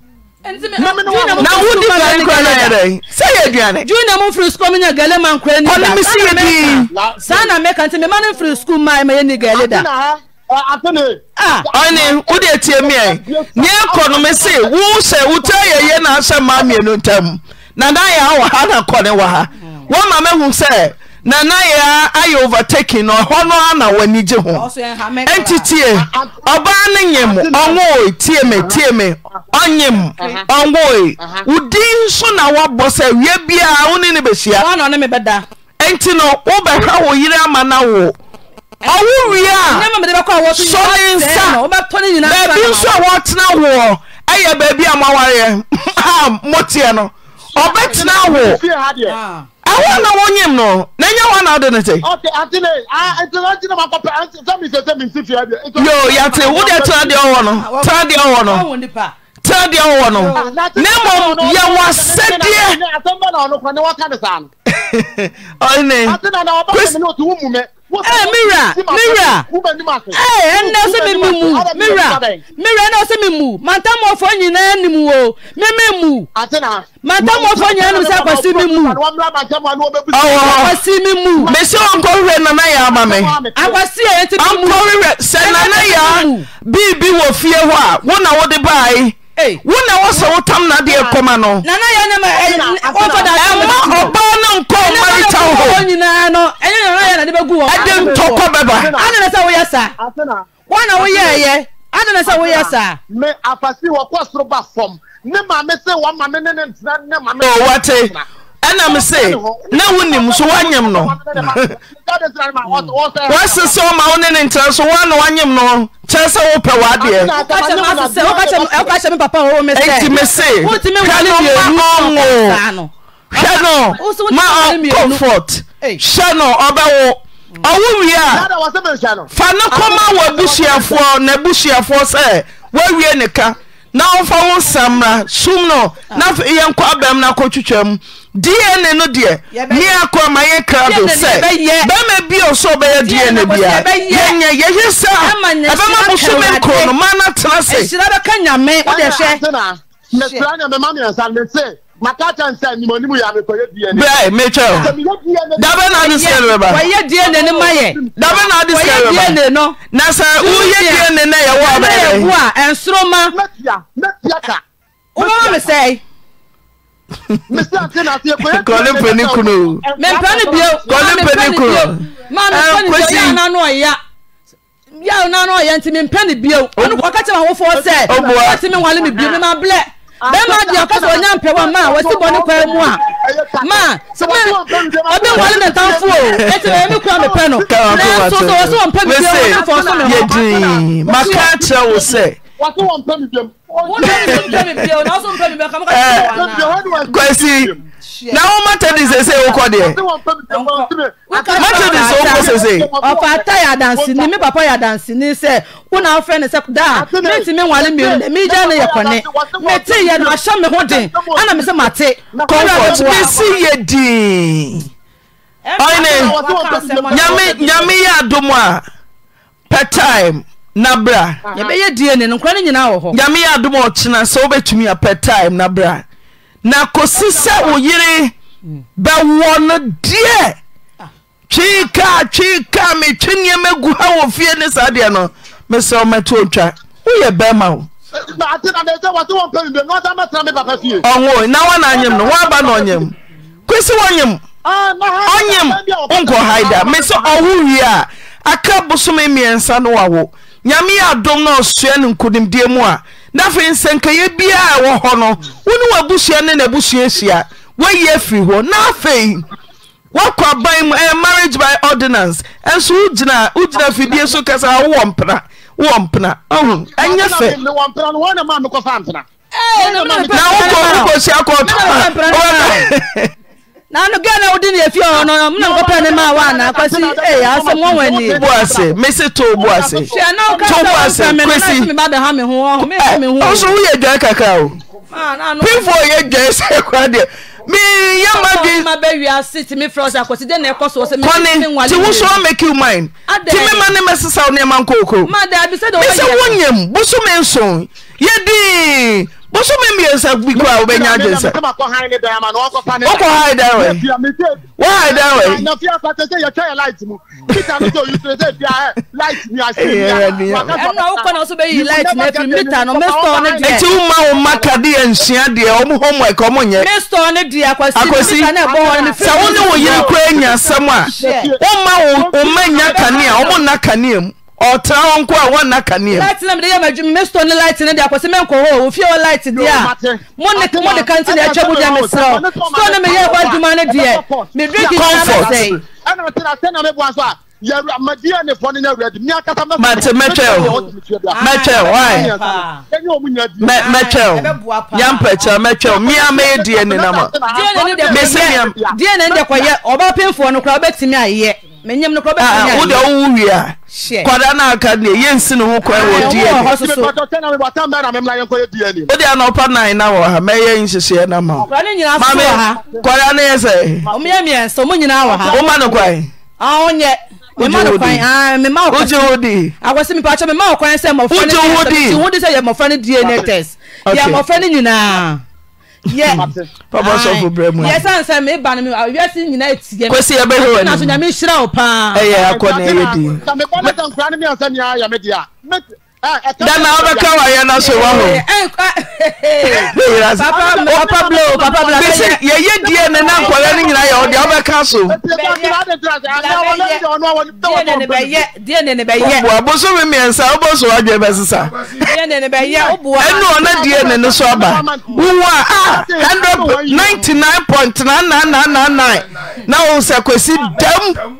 wodk sɛ yɛ duanene meseyen wode tie mi neɛ kɔ nome se wo sɛ wota yɛyɛnasɛ ma mienu ntamu na na yɛawa ha na kɔne wa ha woma mahu sɛ na na yɛ ayɛ overtaking na ọhụrụ no ana w'ani n'ije hụ ɛnti tie ọbaa n'enye m ɔnwoe tie me tie me ɔnyem ɔnwoe wodin nso na woabɔ sɛ wia biaa wo ne ne bɛhyia ɛnti no wobɛhwɛ wo ama na wo ɔwo wie a sɔre beebi nso a wɔtena woɔ ɛyɛ beebi a mụ awa moawareɛ a moteɛ no ɔbɛtena wo ɛwɔ na wɔnyim no na ɛnyɛ hɔ na ɔde ne te. ɔte ate ne a ntina ntina ma kɔpɛ ante sami sese mi nsi fia de. yo yate wo de tera deɛ ɔwɔ no tera deɛ ɔwɔ no tera deɛ ɔwɔ no ne mɔ yɛ wɔ asɛdeɛ. asɛm bɛ na ɔno kɔ ne wɔ ka ne saa no. ɔyine. ate na na ɔba mi ni o ti wu mu mɛ. mira mira ɛnna ɔsɛ mi mi mu mira mira ɛnna ɔsɛ mi mu mantamɔfo nyinaa ni mu o mi mi mu mantamɔfo nyinaa ni mu sɛ akwasi mi mu akwasi mi mu. mesi nkɔwurɛ nana Ya ama mi akwasi yɛ ti mi mu nkɔwurɛ sɛ nana Ya biribi wɔ fie hɔ a wɔn na wɔde baa yi. wo na Nana wɔsɛ wotam nadeɛ kɔma no ɛma ɔbaa no nkɔ marital hoɛde ntɔkɔ bɛba wana woyɛɛyɛ adana sɛ woyɛ saa me afase wɔkɔ soro ba fam ne maame sɛ wɔma me ne ne ntena ne maame wɔte m sɛ na wonim so woanyem no woase sɛ ɔma wo ne ne ntra so woa na woanyem no kyɛɛ sɛ wopɛ w'adeɛnti me se hwɛ no mɔmo hwɛ no ma ɔcomfort hwɛ no ɔbɛwo ɔwo wie a fa no kɔma wɔ abusuafoɔ na abusuafoɔ sɛ woawie ne ka na wɔmfa wo nsa mmra no na yɛnkɔ abam no mu dna no deɛ neakɔ ama yɛ krado sɛ bɛima bio sɛ ɔbɛyɛ dna bia yɛnyɛ yɛhwɛ sɛ ɛbɛma bosome nkro no ma no tena se maka kyɛ nsɛ nimanim yɛ mekɔyɛ dnbrɛ metwɛw dabɛ na ade sɛ bɛba wɔyɛ dna no ma yɛ dabɛ na ade sɛ bɛba no na sɛ woyɛ dna no ɛyɛwɔ bɛyɛ ɛnsoroma mɛtia mɛtia ka wobɛma me sɛe mesi ante na ase ekoye kɔle mpɛni kunu mɛmpɛ ni bio kɔle mpɛni kunu maa mɛmpɛ ni bio yaa nanu ɔya yaa nanu ɔya nti mɛmpɛ ni bio ɔnu kɔ kɛkyɛ ma wofɔ sɛ ɔti mi wale mi bio mi ma blɛ bɛɛma di ɔkɔ sɛ ɔnya mpɛ wa maa wɔsi bɔ ne kɔɛ mu a maa sɛmɛ ɔbɛ wale ne ntanfo o eti mɛ mi kura mi pɛ no na so so wɔsi wɔn pɛ mi bio wɔn afɔ so mi hɔ yedin maka kyerɛ wo sɛ wɔsi wɔn pɛ mi bio wɔn pɛ mi bio na wɔsi wɔn kwesi na wọn matadis sese okɔ deɛ matadis okɔ sese. ɔfà ata yà dansi ni mi papa yà dansi ni sɛ wọn n'an fɛn ne sɛ daa mi ti mi nwale mi dɛ mi jɛ ne yɛ kɔnɛ mi ti yɛ no ahyɛ mi ho den ɛna mi sɛ ma ti. kɔnkɔn mi si yɛ diin ɔyìn nyame nyame yɛ adomu a pɛ time nabra. yɛ bɛ yɛ diin ni nkura ni nyinaa wɔ hɔ. nyame yɛ adomu a ɔkyina sɛ ɔbɛtumi apɛ time nabra. na kosi sɛ wo yere bɛwɔ no deɛ twiikaa twiikaa metwe nneɛma gu ha wɔ fie ne saa deɛ no mesɛ womɛto otwa woyɛ bɛrima wo ɔwo na wana anyem no woaba na ɔnyam kwesi wɔnyem ah, ɔnyem wonkɔ hae da me sɛ ɔwo wie a aka bosome mmiɛnsa no wawo nyame yɛ adom na ɔsoa ne nkonimdiɛ mu a na afei nsɛnkɛyɛ biaa ɛwɔ hɔ no wo ne w'abusua ne n'abusua hyia woayi afiri hɔ na afei woakɔ aban mu ɛyɛ marriage by ordinance ɛnso wogyina wogyina afidie so kasa wowɔ mpena wowɔ mpena ɛnyɛ fɛ na wokɔ wokɔ hyia kɔɔtɔ nanu gana wodi ne efie hɔ no mna nkɔpɛ ne ma wa na akwasi ee asɛm wɔn wɔn ani. bu ase mesi to bu ase to bu ase kwesi ɛ ɔso woyɛ dwan kakra o pinfo yɛ dwan sɛ kura deɛ mi yɛ ma bi. ma bɛ wi ase ti mi fura ɔsɛ akɔsi de na ɛkɔ so ɔsɛ mi mi nwale. kɔni ti wusu make you mind ti mi ma ne ma sisaw nneɛma nkooko. ma koko. abisɛ de o bɛ yɛ. mi sɛ wonyam bosom bosome mmiɛnsa bi kora a wobɛnya agye nsa wokɔ hae dan wɛ wɔhae dan wɛ ɛnti woma wo ma kadeɛ nsua deɛ ɔmo homework ɔmo nyɛ akwasi sɛ wo ne wo yere kora anya asɛm a woma wo ma nya kanea ɔmo nna kanea mu ọ̀tẹ̀ wọn kọ́ àwọn nà kàníyà. láti náà mi de yẹ mẹju mi sọ ní láti ní di àkọsí mi nkọ hó òfin wọn láti di a mo ní mo ní kanti ní ẹjọ́ mu di àmì sọ sọ ní mi yẹ ẹkọ aduma ní diẹ mi bí kì í sá mi sẹ́yìn. ẹnna mi ti na sẹ́ni àmì bu aṣọ a yẹrù àmàdíyà ní fọ́ni ní ẹrù ẹ̀dì mi àkàtà mẹ́fà. mẹtẹ mẹtẹ o mẹtẹ o wáyé mẹtẹ o yàn pẹtẹ mẹtẹ o mi àmà yẹ diẹ nínú àmà. diẹ nínú dẹ kọ yẹ ọba pínfọ nìkura ọbẹ tì mí àyẹ. wode wowo wie akada no ah, ah, aka ndeɛ yɛsi ne ho kwa wɔdnwodeana pa nona wha mɛyɛ n kyesyɛɛ na ma kaa no yɛ sɛoma no kwaoo yɛ mm. papa sɔfo brɛ mu yɛ sɛ nsɛm mi ban ah, no e mi wiase nyinaa eti yɛ mi kosi yɛ bɛ hɛ wɔ ne mu ɛyɛ akɔ ne yɛ di. sami kɔn mi sɛ mi yɛ ni yɛ ayɛ mi di a dana ọbẹka wà yẹn náà sọ wọn o papa blow papa blow bẹsẹ yẹ yẹ diẹ ní nà nkọlẹ ní nyina yẹ ọdẹ ọbẹka so. diẹ nínú bẹ yẹ. ọbọ abosomi mmiɛnsa ọbọ sọ adwẹ bẹ sisa. diẹ nínú bẹ yẹ ọbọ. ẹnu ọ̀nà diẹ nínú sọ ọba wúwo a ah, hundred ninety nine point nine nine nine nine na òun sẹ kò sí dẹ́mu.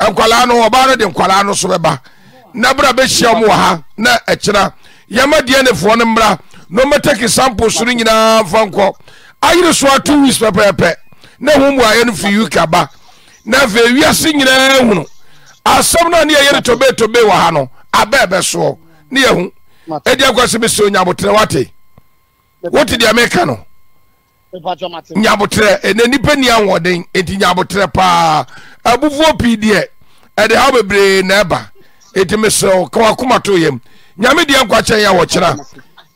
nkwalaa no ɔbaa no de nkwalaa no so bɛba na berɛ bɛhyia wɔ ha na ɛkyena yɛma diɛnefoɔ no mmra na ɔmɛtaki sample so no nyinaa fa nkɔ ayere so a two weeks pɛpɛɛpɛ na ɛho mmuaeɛ no firi uk aba na afei wiase nyinaa hunu asɛm no a ne yɛyɛ de tobeetobe wɔ ha no ne yɛhu ɛdi akɔ sɛ bɛsɛ wate wote deɛ meka no nyabotrɛ ɛna nipa ni ahoɔden enti nyabotrɛ paa abufuo pii deɛ ɛde haw bebree na ɛba enti mesrɛw ka wakoma to yam nyame deɛ nkwakyɛn a wɔkyerɛ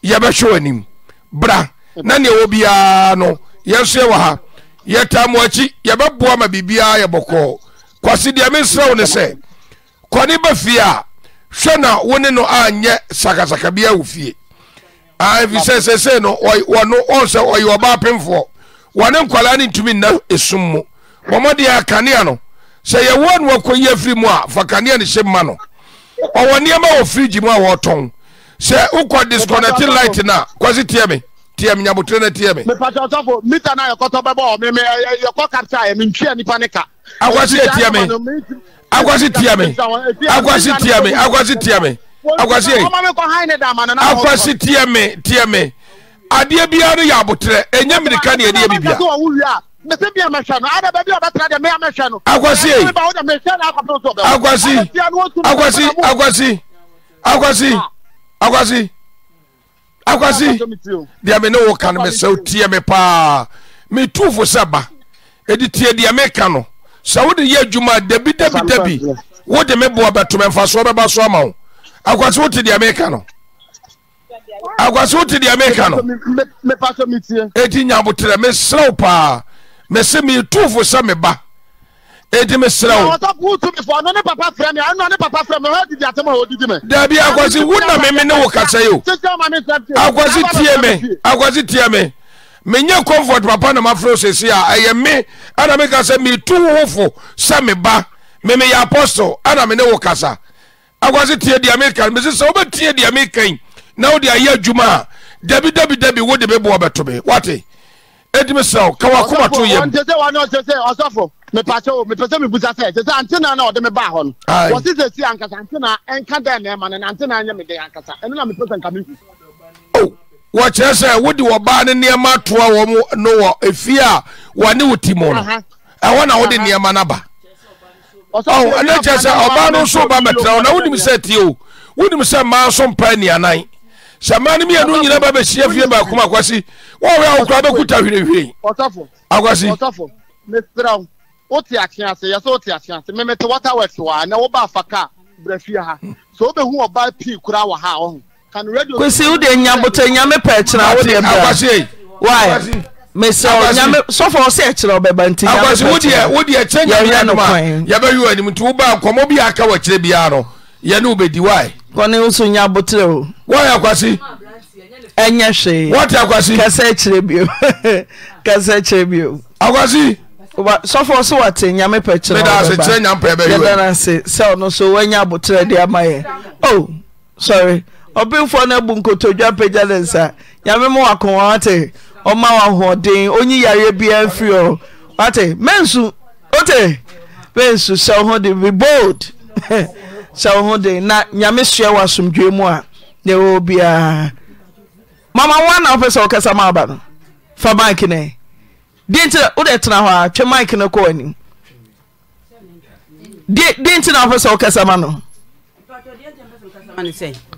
yɛbɛhwɛ w'anim bra na neɛ wɔ biara no yɛnso yɛwɔ ha yɛtaa mo akyi yɛbɛboa ma biribiara yɛbɔkɔɔ kwase deɛ mesrɛ wo ne sɛ kɔne ba fie a hwɛ na wo ne no anyɛ sakasaka biara wo fie ɛfisɛ ah, sɛsei no wɔno ɔn ɔyɛ ɔbaa pemfoɔ wɔne nkwalaa ne ntumi nna esum mu wɔmɔdeɛ kanea no sɛ yɛwoa no wakɔyi afiri mu a fa kanea no hyɛ ma no ɔwɔ nneɛma wɔ firigyi mu a wɔtɔn sɛ wokɔ disconnected light no a kwasi tiɛ me tiɛ me nyabotire no tiɛ me mepatɛ ɔsɔfo mita no a yɛkɔtɔ bɛbɔ me yɛkɔ kapta a mentwea nnipa ne ka akwasi tiɛ me akwasi tiɛ me akwasi tiɛ me akwasi tiɛ me akwaseakwasi tiɛme tiɛ me adeɛ biara no yɛ aboterɛ ɛnya mirika ne adeɛ birbiaaakwaswsawas akwase deɛ me ne wo ka no mesɛo tiɛ me paa metuofo sɛ ba ɛdi tie deɛ meka no sɛ wode yɛ adwumaa dabidabida bi wo de meboa bɛto mɛ mfasoa bɛba so amawo akwasi wote deɛ meka no akwasi wote deɛ meka no eti nyabotere mesrɛw paa mese metuufo sɛ meba eti mesrɛw daabi dabi akwase wona meme ne wo kasa yi o tie me akwasi tie me menye comfort papa na mafrɛ sesi a ɛyɛ me ana meka sɛ metu wo ho fo sɛ meba memeyɛ apostle ana mene wo kasa akwase tie deɛ meka no mesi sɛ wobɛtie deɛ meka yi na wode ayɛ adwuma a dabi dabi dabi wode bɛboɔ bɛto me wate ɛdimi sɛ ka wakoma to yam ɔsɔfo mepɛsɛ o mepɛ sɛ mebusa sɛ sɛ sɛ antena na ɔde me baa hɔ no wɔse sɛ si ankasa antena ɛnka dɛn na ɛma no na antena nyɛ me dɛn ankasa ɛno na mepɛ sɛ nka O, wɔkyerɛ sɛ wode wɔbaa ne nneɛma atoa wɔ no wɔ ɛfie a wɔne wo ti mu no ɛhɔ na wode nneɛma no aba ɔsɔ ɛnɛ kyɛ sɛ ɔbaa no nso ba bɛtena hɔ na wonim sɛ tie o wonim sɛ mmaa nso mpa anianan sɛ mmaa no mmienu nyina ba bɛhyia fie baako mu akwasi wɔwɛ a wokora bɛkuta hwerehwere akwasi mesrɛ wo wote akye ase yɛ sɛ wote akye ase memete wata wɛtoa na woba afa ka brɛ fie ha sɛ wobɛhu ɔba pii koraa wɔ ha ɔho kwesi wode nya botɔ nyame pɛ kyena wode brɛ why sfo sɛ kyerɛ ɛbnod kyeɛ nyyɛɛn wob kɔmmɔ biaka wkyerɛ biaano yɛne wobɛdi kn so nya aboterɛo w akwase nyɛ ht ksɛkɛasɛ kyerɛ bi kwasesfo so wate nyamepɛ kyerɛskyerɛ nyapɛns sɛns woanyɛ abterɛdeɛ maɛ oh, s ɔbenfoɔ no abu nkotodwa pagya ne nsa nyame akụ wakoa ate ɔma wahoɔden onye yareɛ biaa mfiri ɔ ate mensu ote mensu sa wo ho den be bold sɛ wo ho den na nyame soa wɔ asomdwoe mu a ne ɛwɔ biara mama nwa na wopɛ sɛ wokasa ma aba no fa mike ne deɛ nti wode tena hɔ a twɛ mike no kɔ anim deɛ nti na wopɛ sɛ wokasa ma no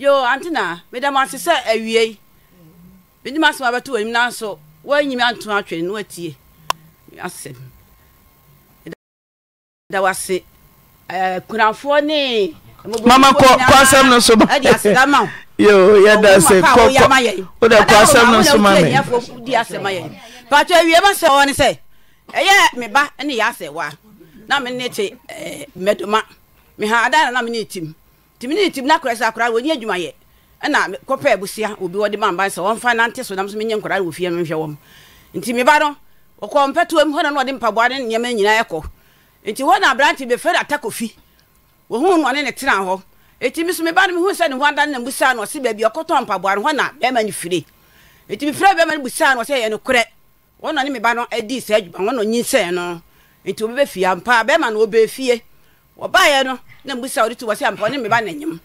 yo Antena, na meda mo ase sɛ awie yi mede masɛm abɛto w'anim nanso woanyimi antom atwene na woatie asɛm da wase kunafoɔ ne mama kɔ kɔ asɛm no so ma yo yɛda sɛ kɔ da kɔ asɛm no so ma me patɔ awie ma sɛ wɔ ne sɛ ɛyɛ me ba ne yɛ asɛ wa na mene te mɛdoma meha ada na na mene tim tìmí ní tìmí n'akora sɛ akora wɔn nyɛ adwuma yɛ ɛna kɔpɛ ebusia obi wɔde ma mba sɛ wɔn fa nante so nam so menyɛ nkora wɔ fie no nhwɛ wɔn nti mi ba no ɔkɔ mpɛtoa mu hɔ na ɔde mpaboa ne nneɛma nyinaa ɛkɔ nti hɔ na aberante bɛfɛ ata kofi wɔhun wɔn ne ne tena hɔ nti mi so mi ba no mi hu sɛ ne ho adan na busa no ɔsi baabi ɔkɔtɔ mpaboa no hɔ na bɛrima no fire nti mi fira bɛrima no busa no ɔsɛ yɛ no korɛ wɔn na ne mi ba no adi sɛ adwuma wɔn na onyinsɛn no nti obi bɛ fie ampa bɛrima no obɛ fie wɔbaeɛ no ne mbusa wɔde tu wɔ sɛ ampa ɔne meba n'anim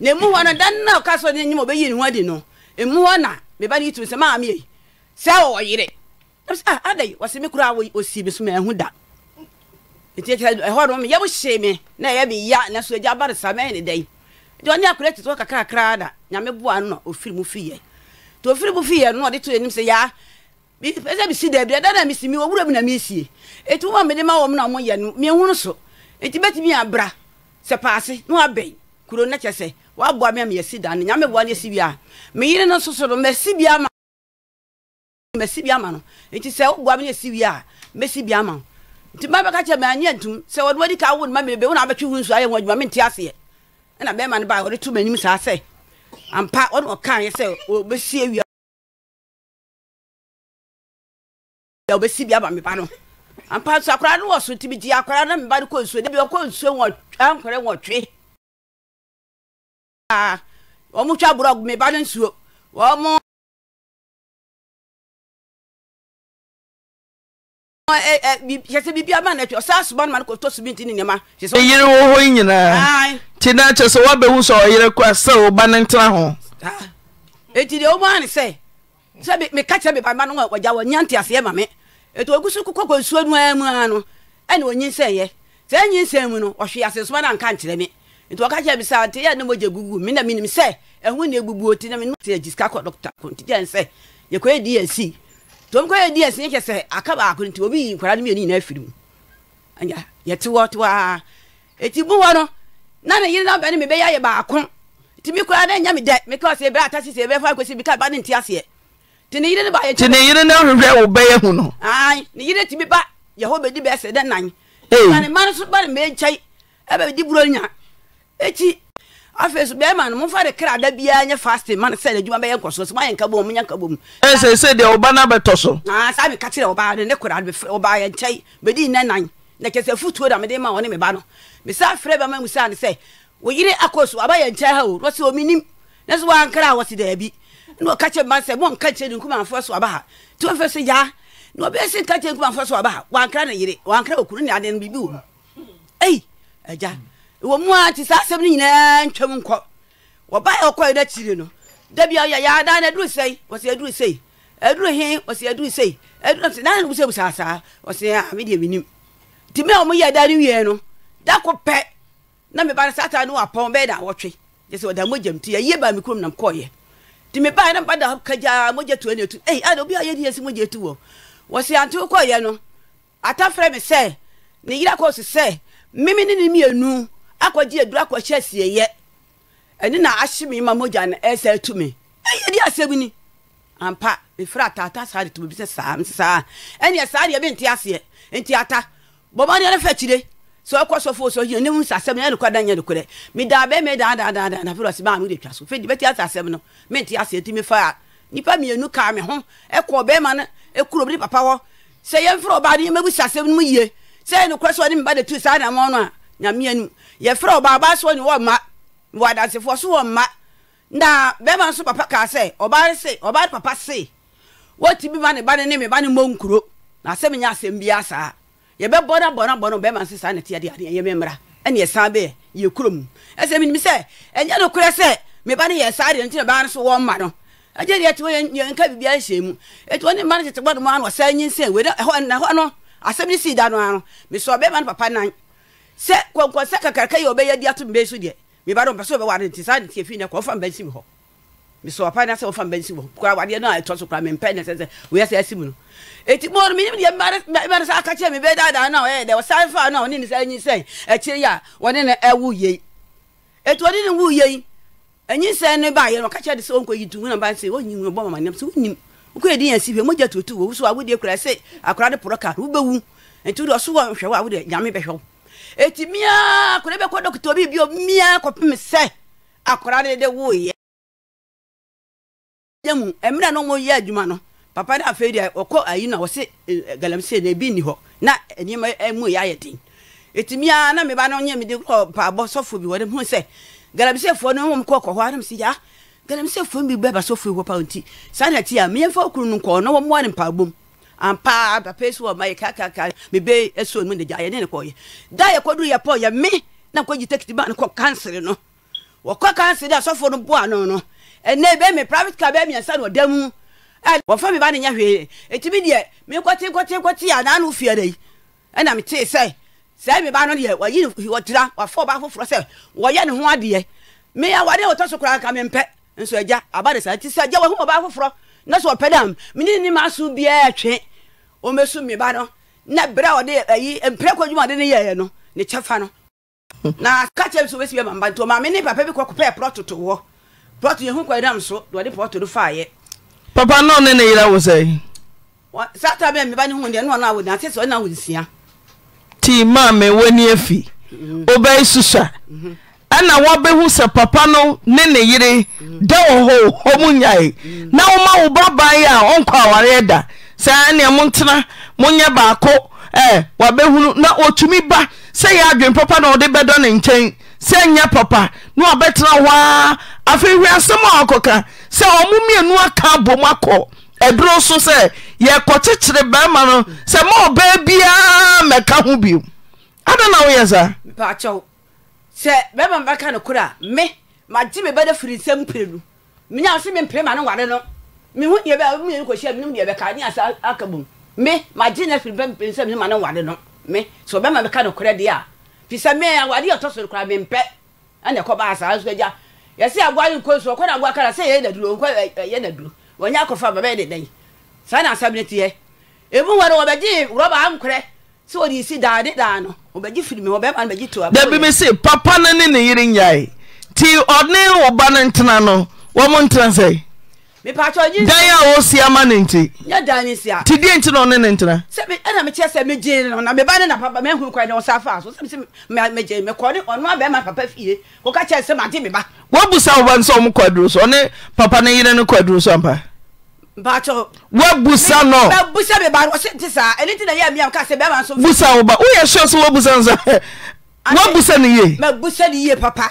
na emu hɔ no dan na ɔka so n'anim ɔbɛyi ne ho adi no emu hɔ na meba ne yitu sɛ maame yi sɛ wɔwɔ yere na sɛ ah ada yi wɔsɛ me kura osi bi so mɛ ɛho da eti ekyirɛ ɛhɔ nom yɛ hyɛ me na ɛyɛ bi ya na so egya abare sa mɛyɛ ne dɛn nti ɔne akora tete kakrakra da nyame bu no na ofiri mu fi yɛ to ofiri mu fi yɛ no na ɔde to anim sɛ yaa bi pɛsɛ bi si dɛbi ɛda na mi si mi owura mi na mi si etu wɔn mi de ma wɔn na wɔn yɛ no mi ehunu so nti bɛtumi abra sɛ paase na wabɛn kuro ne kyɛ sɛ waboa me a meyɛ si dane nyame boa ne asi bia me yere no soso no masi bia ama masi bia ama no nti sɛ woboa me ne asi wie a mɛsi bia ama nti ma bɛka kyerɛ me anyɛ ntum sɛ wɔde wadi ka wo ne ma mebɛ wo na wabɛtwe ho nsu ayɛ ho adwuma mente aseɛ ɛna bɛrima no baa wɔde to m'anim saa sɛ ampa ɔne ɔkaeɛ sɛ ɔbɛsi awia wobɛsi bia ama me ba no ampa nso akwadaa no wɔ so ntumi gyi akwadaa no mba no kɔ nsuo ne bi ɔkɔ nsuo wɔ ankorɛ wɔtwe aa wɔn twa borɔg meba no nsuo wɔn eh, eh, yɛsɛ biribi ama no atwi ɔsaa soma no ma no kɔtɔ so bi nti ne nneɛma yere wɔ hɔ yi nyinaa nti na kyerɛ sɛ woabɛhu sɛ ɔyere kɔ a sɛ wo ba no ntena ho ɛnti ah. deɛ wɔmaa ne sɛ sɛ meka kyerɛ meba ma no wɔgya wɔnya nteaseɛ ma me etu ogu so kokɔ nsuo no ara mu ara no ɛna onyinsɛnyɛ sɛ nyinsɛn mu no ɔhwe asesoma no anka nkyerɛ me nti wɔka kyerɛ me sɛ nti yɛ ne mogya gugu me na menim sɛ ɛho ne ebubu oti na menim sɛ agyi sika kɔ dɔkta konti gyɛn sɛ yɛkɔyɛ dsc tom kɔyɛ dsc yɛkyɛ sɛ aka baako nti obi yi nkwadaa no mmienu nyinaa firi mu anya yɛte wɔ to aa eti bu wɔ no na ne yere n'abɛn ne me bɛyɛ ayɛ baako nti mi koraa ne nya me dɛ mi kaa sɛ ebere ata sisi ebere fa akosi bi kaa ba ne nti aseɛ ti ne yere ne ba yɛ kyɛ ti ne yere ne hwehwɛ wo bɛyɛ hu no ayi ne yere ti bi ba yɛhɔ bɛ di bɛ sɛ dɛ nan na ne ma no so ba ne mɛ nkyɛn ɛbɛ di buro nya ekyi afei so bɛrima no momfa de kra da biara nyɛ fasting ma no sɛ n'adwuma bɛyɛ nkɔ so so moayɛ nka bom monyɛ nka bom ɛ sɛ sɛ deɛ ɔba no abɛtɔ so saa meka kyerɛ ɔbaa no ne kora no ɔbaayɛ nkyɛn bɛdii nɛ nan na kyɛ sɛ fotuo da mede ma ɔne me ba no mesa frɛ bɛma mu saa ne sɛ woyere akɔ so abayɛ nkyɛn ha o na sɛ ɔmenim na so woankra a wɔse daabi No ɔka kyɛ mba sɛ mo nka kyerɛ ne nkumanfoɔ so aba ha nti wɔfɛ so gyaa na ɔbɛyɛ sɛ nka kyerɛ nkumanfoɔ so aba ha wankra ne yere wankra okunu ne adeɛ no biribi wɔ mu ei agya wɔ mu a te saa asɛm no nyinaa ntwam nkɔ wɔbaeɛ ɔkɔɛ no akyire no da bia ɔyɛ yɛa daa no aduru sɛi wɔsɛ aduru sɛi aduru he wɔsɛ aduru sɛi aduru sɛ naa no busabusaa saa wɔsɛ a ah, medeɛ menim nti me a ɔmo yɛ da no wie no da ko pɛ na meba no saa taa no wɔ apɔn bɛyɛ da wɔtwe gye sɛ wɔda mogya m ti yɛyie baa me kurom nam kɔɔyɛ nti mebaɛ na mpada kagyaa mogya tua ne atu ei ada obi a yɛdi yɛsi mogya tu wɔ wɔsi ante wokɔɔyɛ no ata frɛ me sɛ ne yera kɔ so sɛ meme ne ne mmienu akɔgye aduru akɔhyɛ asieyɛ ɛne na ahye me ma mogya no ɛsɛ atu me ɛyɛdi asɛm ni ampa mefrɛ ataata saa de to bibi sɛ saa m saa ɛneɛ saa deɛ bɛnte aseɛ nti ata ni no fa kyire sɛ ɔkɔ sɔfo sɔ yɛ ne mu sasɛm na ɛnokɔ e, e, da nyɛ nokorɛ medaa bɛ me daa daa daa na fɛrɛ ɔse baa mede twa so fɛdi bɛti asasɛm no mente asɛ ti mefa a nipa mmienu kaa me ho ɛkɔ bɛrima no ɛkuro bi ne papa hɔ sɛ yɛmfrɛ ɔbaa de yɛmabu sasɛm no mu yie sɛ ɛnokorɛ sɛ ɔde meba de tu saa namɔ no a nyamea no mu yɛfrɛ ɔbaa baa so ne wɔ mma wɔ adansefoɔ so wɔ ma na bɛrima nso papa kaa sɛ ɔbaa se ɔbaa de papa se wɔtumi ma ne ba ne ne me ba ne mmɔ nkuro na asɛm nyɛ asɛm biara saa yɛbɛ bɔna bɔna bɔna bɛɛ ma se saa nɛteɛ de adeɛ yɛmɛ mmra ɛne ɛsan bɛɛ yɛ kurom ɛsɛ menim sɛ ɛnyɛ no korɛ sɛ meba ne yɛ saa deɛ nti na baa no so wɔmma no ɛgye deɛ ɛte yɛnka biribia nhyɛ mu ɛti wɔne ma no tete bɔde mu ano ɔsɛ nyinsɛn wei na hɔ no asɛm no sii da no ano mesɛ ɔbɛma no papa nan sɛ kɔnkɔn sɛ kakraka yɛ ɔbɛyɛ di ato mbɛ so deɛ meba no mpɛ sɛ ɔbɛware nti saa nteɛ fii nɛ kɔmfa mbɛnsi mi hɔ mesɛ ɔpa na sɛ wɔfa mbɛnsi wɔ kora adeɛ no a ɛtɔ so kora mempɛ ne sɛ sɛ woyɛ sɛ asi mu no ɛti mɔno menim deɛ mɛre sɛ aka kyerɛ me bɛdaadaa no a ɔyɛ dɛ ɔsan faa no a ɔne ne sɛ anyi sɛn akyiri yɛ a wɔne ne ɛwo yei ɛti ɔne ne wo yei ɛnyi sɛn ne baayɛ no ɔka kyerɛ de sɛ ɔnkɔyi tu huna ba sɛ wɔnyi wunu bɔ mama nam sɛ wonim wokɔ yɛdi yɛn si hwɛ mogya tuotu wɔ wusu a wode kura sɛ akora de porɔ ka a wode nyame mu mmerɛ no wɔyɛ adwuma no papa no afei deɛ ɔkɔ ayi na ɔse galamsey na ebi nni hɔ na nneɛma mu yɛ ayɛ den etumi a na meba no nyɛ mi de kɔ paabɔ sɔfo bi wɔ ne ho sɛ galamseyfoɔ no wɔn kɔ kɔ hɔ anam si ya galamseyfoɔ bi bɛɛ ba sɔfo wɔ paa nti saa na ti a mmeyɛnfa okuru no kɔɔ na wɔn mu a ne mu ampa papa esi wɔ ma yɛ kakaka mebe esuo no mu ne gya yɛ ne ne kɔ yɛ da yɛ kɔduru yɛ pɔ yɛ mi. na nkɔ gyi tekiti ba ne kɔ kansere no wɔkɔ kansere asɔfo no bo ano no ɛnna ebe mi private car bɛɛ miɛnsa na ɔda mu ɛ eh, wɔfɛ mi ba ne nya hwee etimi deɛ mi nkɔte nkɔte nkɔte a n'anu fia de yi ɛna mi tee sɛ sɛ mi ba no deɛ wɔyi ne wɔtira wɔfɔ ɔba foforɔ sɛ wɔyɛ ne ho adeɛ mi awade a wɔtɔ so koraa ka mi mpɛ nso ɛgya aba de sa ti sɛ ɛgya wɔhum ɔba foforɔ na so ɔpɛ dam mi ne ne ma so biara twe ɔmɛsu mi ba no na bere a ɔde ɛyi mpere kɔ dwuma de ne yɛɛ no ne kyɛfa no na kakyɛ bi so wɔsi bi ma mba nti ɔmaame ne papa bi kɔ kɔpɛ ɛporɔ toto wɔ pɔtɔ yɛn ho kɔ ɛdam so wɔde pɔtɔ do faayɛ. papa náà ne ne yira wò sɛ. sata bɛn mi ba ni hu deɛ nua naa wò nase sɛ ɔna wò nsia. ti maame wani efi mhm. obɛyi susua mhm. ɛna wɔbɛhu sɛ papa no ne ne yere mhm. da wɔ hɔ ɔmo nyae na wɔma wo ba baa yi a ɔnkɔ awareɛ da saa nea montena monyɛ baako ɛɛ wɔabɛhunu na otumi ba sɛ yɛ adwen papa na ɔde bɛdɔ ne nkyɛn. sɛ nyɛ papa na ɔbɛtena hɔ a afei hwɛ a ɔkɔka sɛ aka abom akɔ aduro so sɛ yɛkɔkyekyere no sɛ ma ɔbaa biara mɛka ho bio ada na woyɛ saa mpaakyɛw sɛ bɛrima mbɛka no koro a me magye me bɛda firi nsɛm no menya ma no ware no mehu kɔhyia deɛ bɛka ne aka bom me magye firi ma no ware no me sɛ no korɛ deɛ fisa mɛ awade ɔtɔ soro kora mempɛ ɛna ɛkɔbaa saa so agya yɛsɛ aboa no nkɔ so ɔkɔ na aboa kara sɛ yɛyɛ naduro ɔnkɔ e, e, yɛ naduro wɔnyɛ akɔfa bɛbɛyɛ ne dan saa na asɛm no teɛ ɛmu wɔ no wɔbɛgye rɔba ankorɛ sɛ wɔde si daa ne daa no wɔbɛgye firi mi wɔbɛma no bɛgye to aba dabi mi se papa no ne ne yere nyae nti ɔne wo ba ntena no wɔmo ntena sɛe dan a wɔsi ama ne nti nti deɛ nti na ɔne ne ntena ɛna mekyerɛ sɛ megye no na meba ne napapa mahu kwa ne ɔsa fa so sɛ megye mekɔne ɔno abɛma papa fie kɔka kyerɛ sɛ made meba woabusa wo ba no sɛ ɔmo kwaduro so ɔne papa no yere no kwaduro so ampa wabusa no busa meba ɔse te saa ɛne nti na yɛ mia ka sɛ bɛma so busa wo ba woyɛ sure sɛ wabusa no sɛ wabusa no yie mabusa no yie papa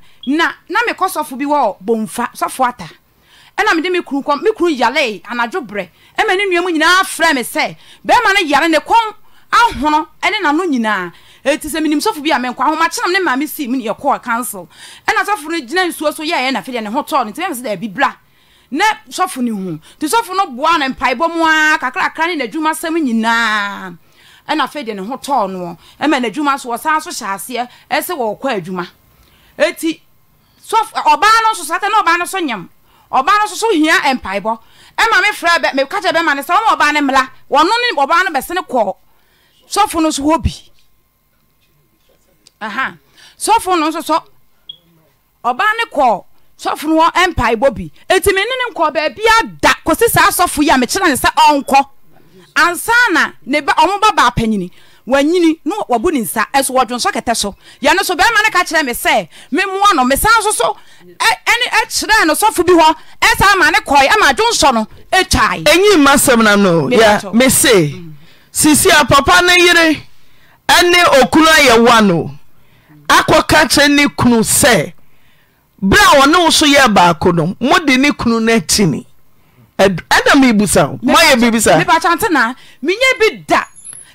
na na mekɔ sɔfo bi wɔ bomfa sɔfo ata ɛna mede me kuru kɔm me kuru yale anadwo berɛ ɛma ne nnuamu nyinaa frɛ me sɛ bɛrima no yare ne kɔm ahono ɛne n'ano nyinaa ɛti sɛ menim sɔfo bi a menkɔ ahomakye nam ne maame sii mu ne yɛkɔɔ council ɛna sɔfo no gyina nsuo so yɛɛyɛ na afedeɛ ne ho tɔɔ no nti mɛmɛ sɛ daabi bra na sɔfo ne hu nti sɔfo no boa no mpaebɔ mu a kakrakra ne n'adwuma sɛm nyinaa ɛna afei de ne ho tɔɔ noɔ ɛma n'adwuma so wɔsan so hyɛ aseɛ ɛsɛ wɔɔkɔ adwuma ɛti ɔbaa no nso so ata ne ɔbaa no so nyam ɔbaa no nso so hia mpaebɔ bɛ mefrɛ meka kyɛ bɛma ne sɛ woma ɔbaa no mmla wɔno ne ɔbaa no bɛsene kɔɔ sɔfo no so hɔ bi aha sɔfo no nso so ɔbaa no kɔɔ sɔfo no hɔ mpaebɔ bi ɛnti mene ne nkɔɔ baabia da kɔsi saa sɔfo yi a mekyerɛ ne sɛ ɔnkɔ ansa na ɔmo ba baapanyini wanyini na wabu ne nsa ɛso wɔdwo nso kɛtɛ so yɛno so bɛrima no ka kyerɛ me sɛ memoa no mesan so so ɛne ɛkyerɛɛ e no sɔfo bi hɔ ɛsa e ama ne kɔe ama adwo nsɔ no ɛtwae ɛnyi ma sɛm na no yɛ me sisi a papa ne yere ɛne okunu ayɛ wa no akɔka kyerɛ ne kunu sɛ berɛ a ɔne wo so yɛ baako no mode ne kunu no akyi ni ɛda mebusa wo moayɛ biribi sa mepatwa ntena bi da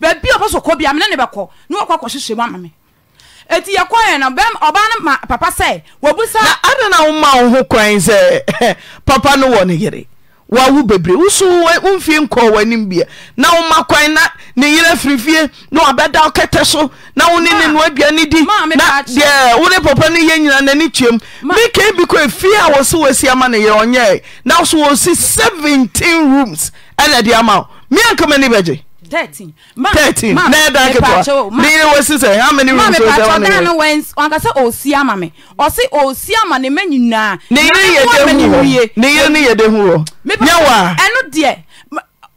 ɛadena woma wo ho kwa sɛ papa no wɔ no yere wawo bebre wosoomfie nkɔ wni bia na woma kwan na ne yera firifie na wabɛda okɛtɛ so na wone ne noa bano di wone papa no yɛ nyina nane kam meke bikɔ fie a wɔse wsi amano yerɛyɛ naso wɔsi 7 roms nd makmai thirteen. thirteen na ẹ da ketewa ni ire wo how many rooms o sẹ wọn ni wẹ. maami pàtó dan wọn kasa òsì ama mi ọsì òsì ama ni mẹ nyinaa. ni ire yẹ de hu wọ ni ire ni yẹ de hu wọ. nyẹ wa ẹnu diẹ.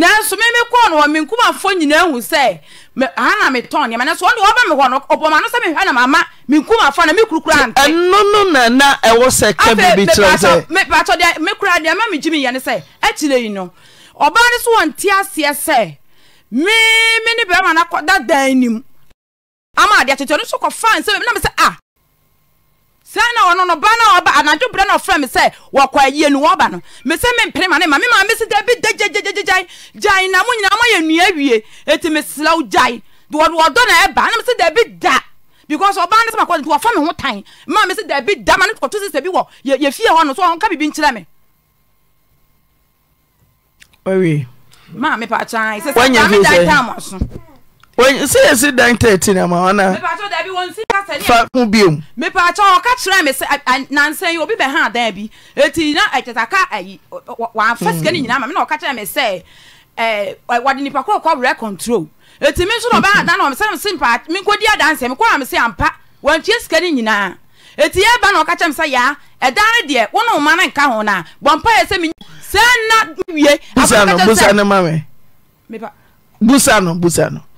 na nanso meme kɔɔ no wɔ me nkumafo nyinaa hu sɛ ha na metɔn nneɛma nanso ɔne ɔba me hɔ no ɔbɔma no sɛ mehwɛ na mama me nkumafo na me kurukura ante ɛno no na na ɛwɔ sɛ ka biribi kyerɛ sɛ mepatɔ deɛ me kura deɛ ma megye meyɛ ne sɛ akyirɛ yi no ɔbaa no so wɔnte aseɛ sɛ me me ne bɛrima no da dan nim ama adeɛ kyekyɛ no so kɔfaa nsɛm na me sɛ ah sana nno ba naa nao bra na frɛ me sɛ wɔkɔ ayanuwɔba no mese me prenmsna wmes ke siyɛsi dan thirteen ama ɔna. mipatɔ dabi wɔn si kasa ni. fa kun bi mu. mipatɔ ɔka kyerɛ mi sɛ nansan obi bɛ hàn dan bi eti na ɛkyɛtaka ayi wàá fɛ sika ni nyinaa ma mi na ɔka kyerɛ mi sɛ ɛɛ wɔde nipa koro ko rɛ control eti me nso na ɔbɛn adan na ɔmi sɛ mi si mpa mi nkɔ di adansi me ko na mi si ampa wɔn tue sika ni nyinaa eti yɛ ba na ɔka kyerɛ mi sɛ yaa ɛdan ne deɛ wɔn na ɔma ne nka ho na bɔn pa yɛ sɛ mi sɛ na wie. busa no busa no mami busa no busa no.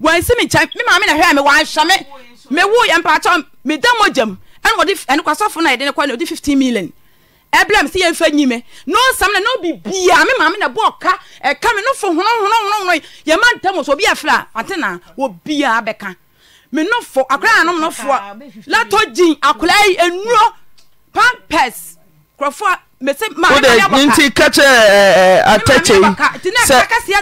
wasimek memamen mewnheme meo mpa medamgam 5 mllinyfyim nsamnbe ti kae atks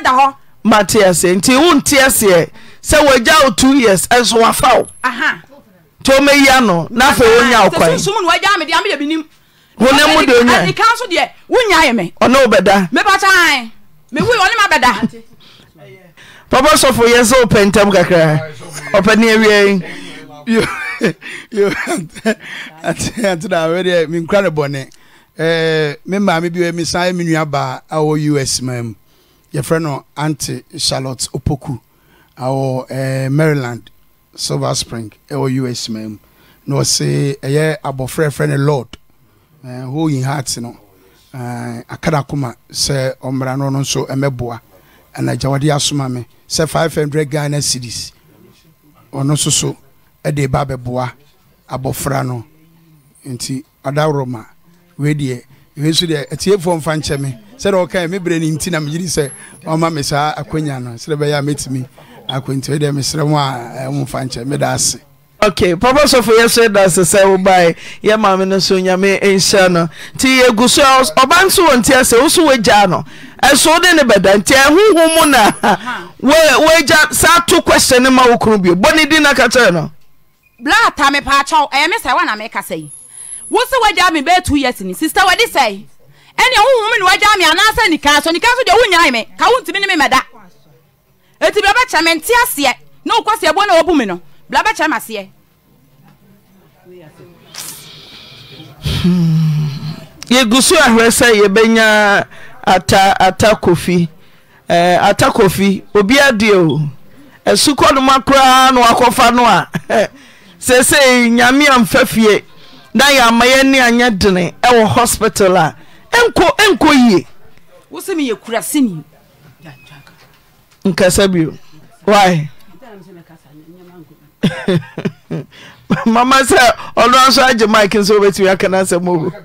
da mate aseɛ nti wonte aseɛ sɛ wagya wo two years ɛnso wafa wo nti ɔmɛyia no na afei wonya wokwan honam mu de onya ɔne wobɛda papa sɔfo yɛ sɛ wopɛ ntam kakra ɔpɛne awiai menkura no bɔne me maa me bi misan me nua baa awɔ us ma mu yɛfrɛ no ante charlotte opoku awɔ ɛɛ eh, maryland silver spring ɛwɔ us man mu na ɔsi ɛyɛ abɔfra yɛfrɛ no eh, eh, lord ɛɛ hoyin heart no ɛɛ akada kuma sɛ ɔmra no no nso ɛmɛboa ɛna gyawade asoma mi sɛ five hundred ghana cities, ɔno oh, nso so ɛde ba abɛboa abɔfra no nti ɔda woroma wei deɛ wei nso deɛ ɛtie mfa nkyɛn mi sɛdeɛ ɔka me berɛ no nti na meyiri sɛ ɔma me saa akwanya no sɛdeɛ bɛyɛ a mɛtumi akwanti deɛ mesrɛ mu a ɛmomfa nkyɛ meda ase ok papa sɔfo yɛsɛ da ase sɛ wobae yɛ maame no so nyame nhyɛ no nti yɛgu so ɔba nso wɔ nti asɛ wo so woagyaa no ɛso wode ne bɛda nti ɛhoho mu na woagya saa to question no ma wo kunu bio bɔ ne di na ka kyerɛ no blata mepaakyɛw ɛyɛ me sɛ wana meka sɛ yi wo sɛ woagyaa me bɛɛ two years ni sister wɔde sɛe ɛnea wohom ne wagya mi anaasɛ nikaa so nikaa so deɛ wonyae me ka wontumi ne me mɛda ɛti bra bɛkyɛ me nte aseɛ na wokɔ seɛ bɔ na wɔbu me no bra bɛkyɛ me aseɛ hmm. yɛgu so yɛbɛnya ata ata kofi ɛɛ eh, ata kofi obi adeɛ o ɛsukɔ no ma koraa na wakɔfa no a sɛsɛ nyame amfa fie na yɛama yɛn ne anya dene ɛwɔ hospital a nko yewyɛakasa bomama sɛ ɔdoa so agye mik nsɛ wobɛtumi akanosɛmho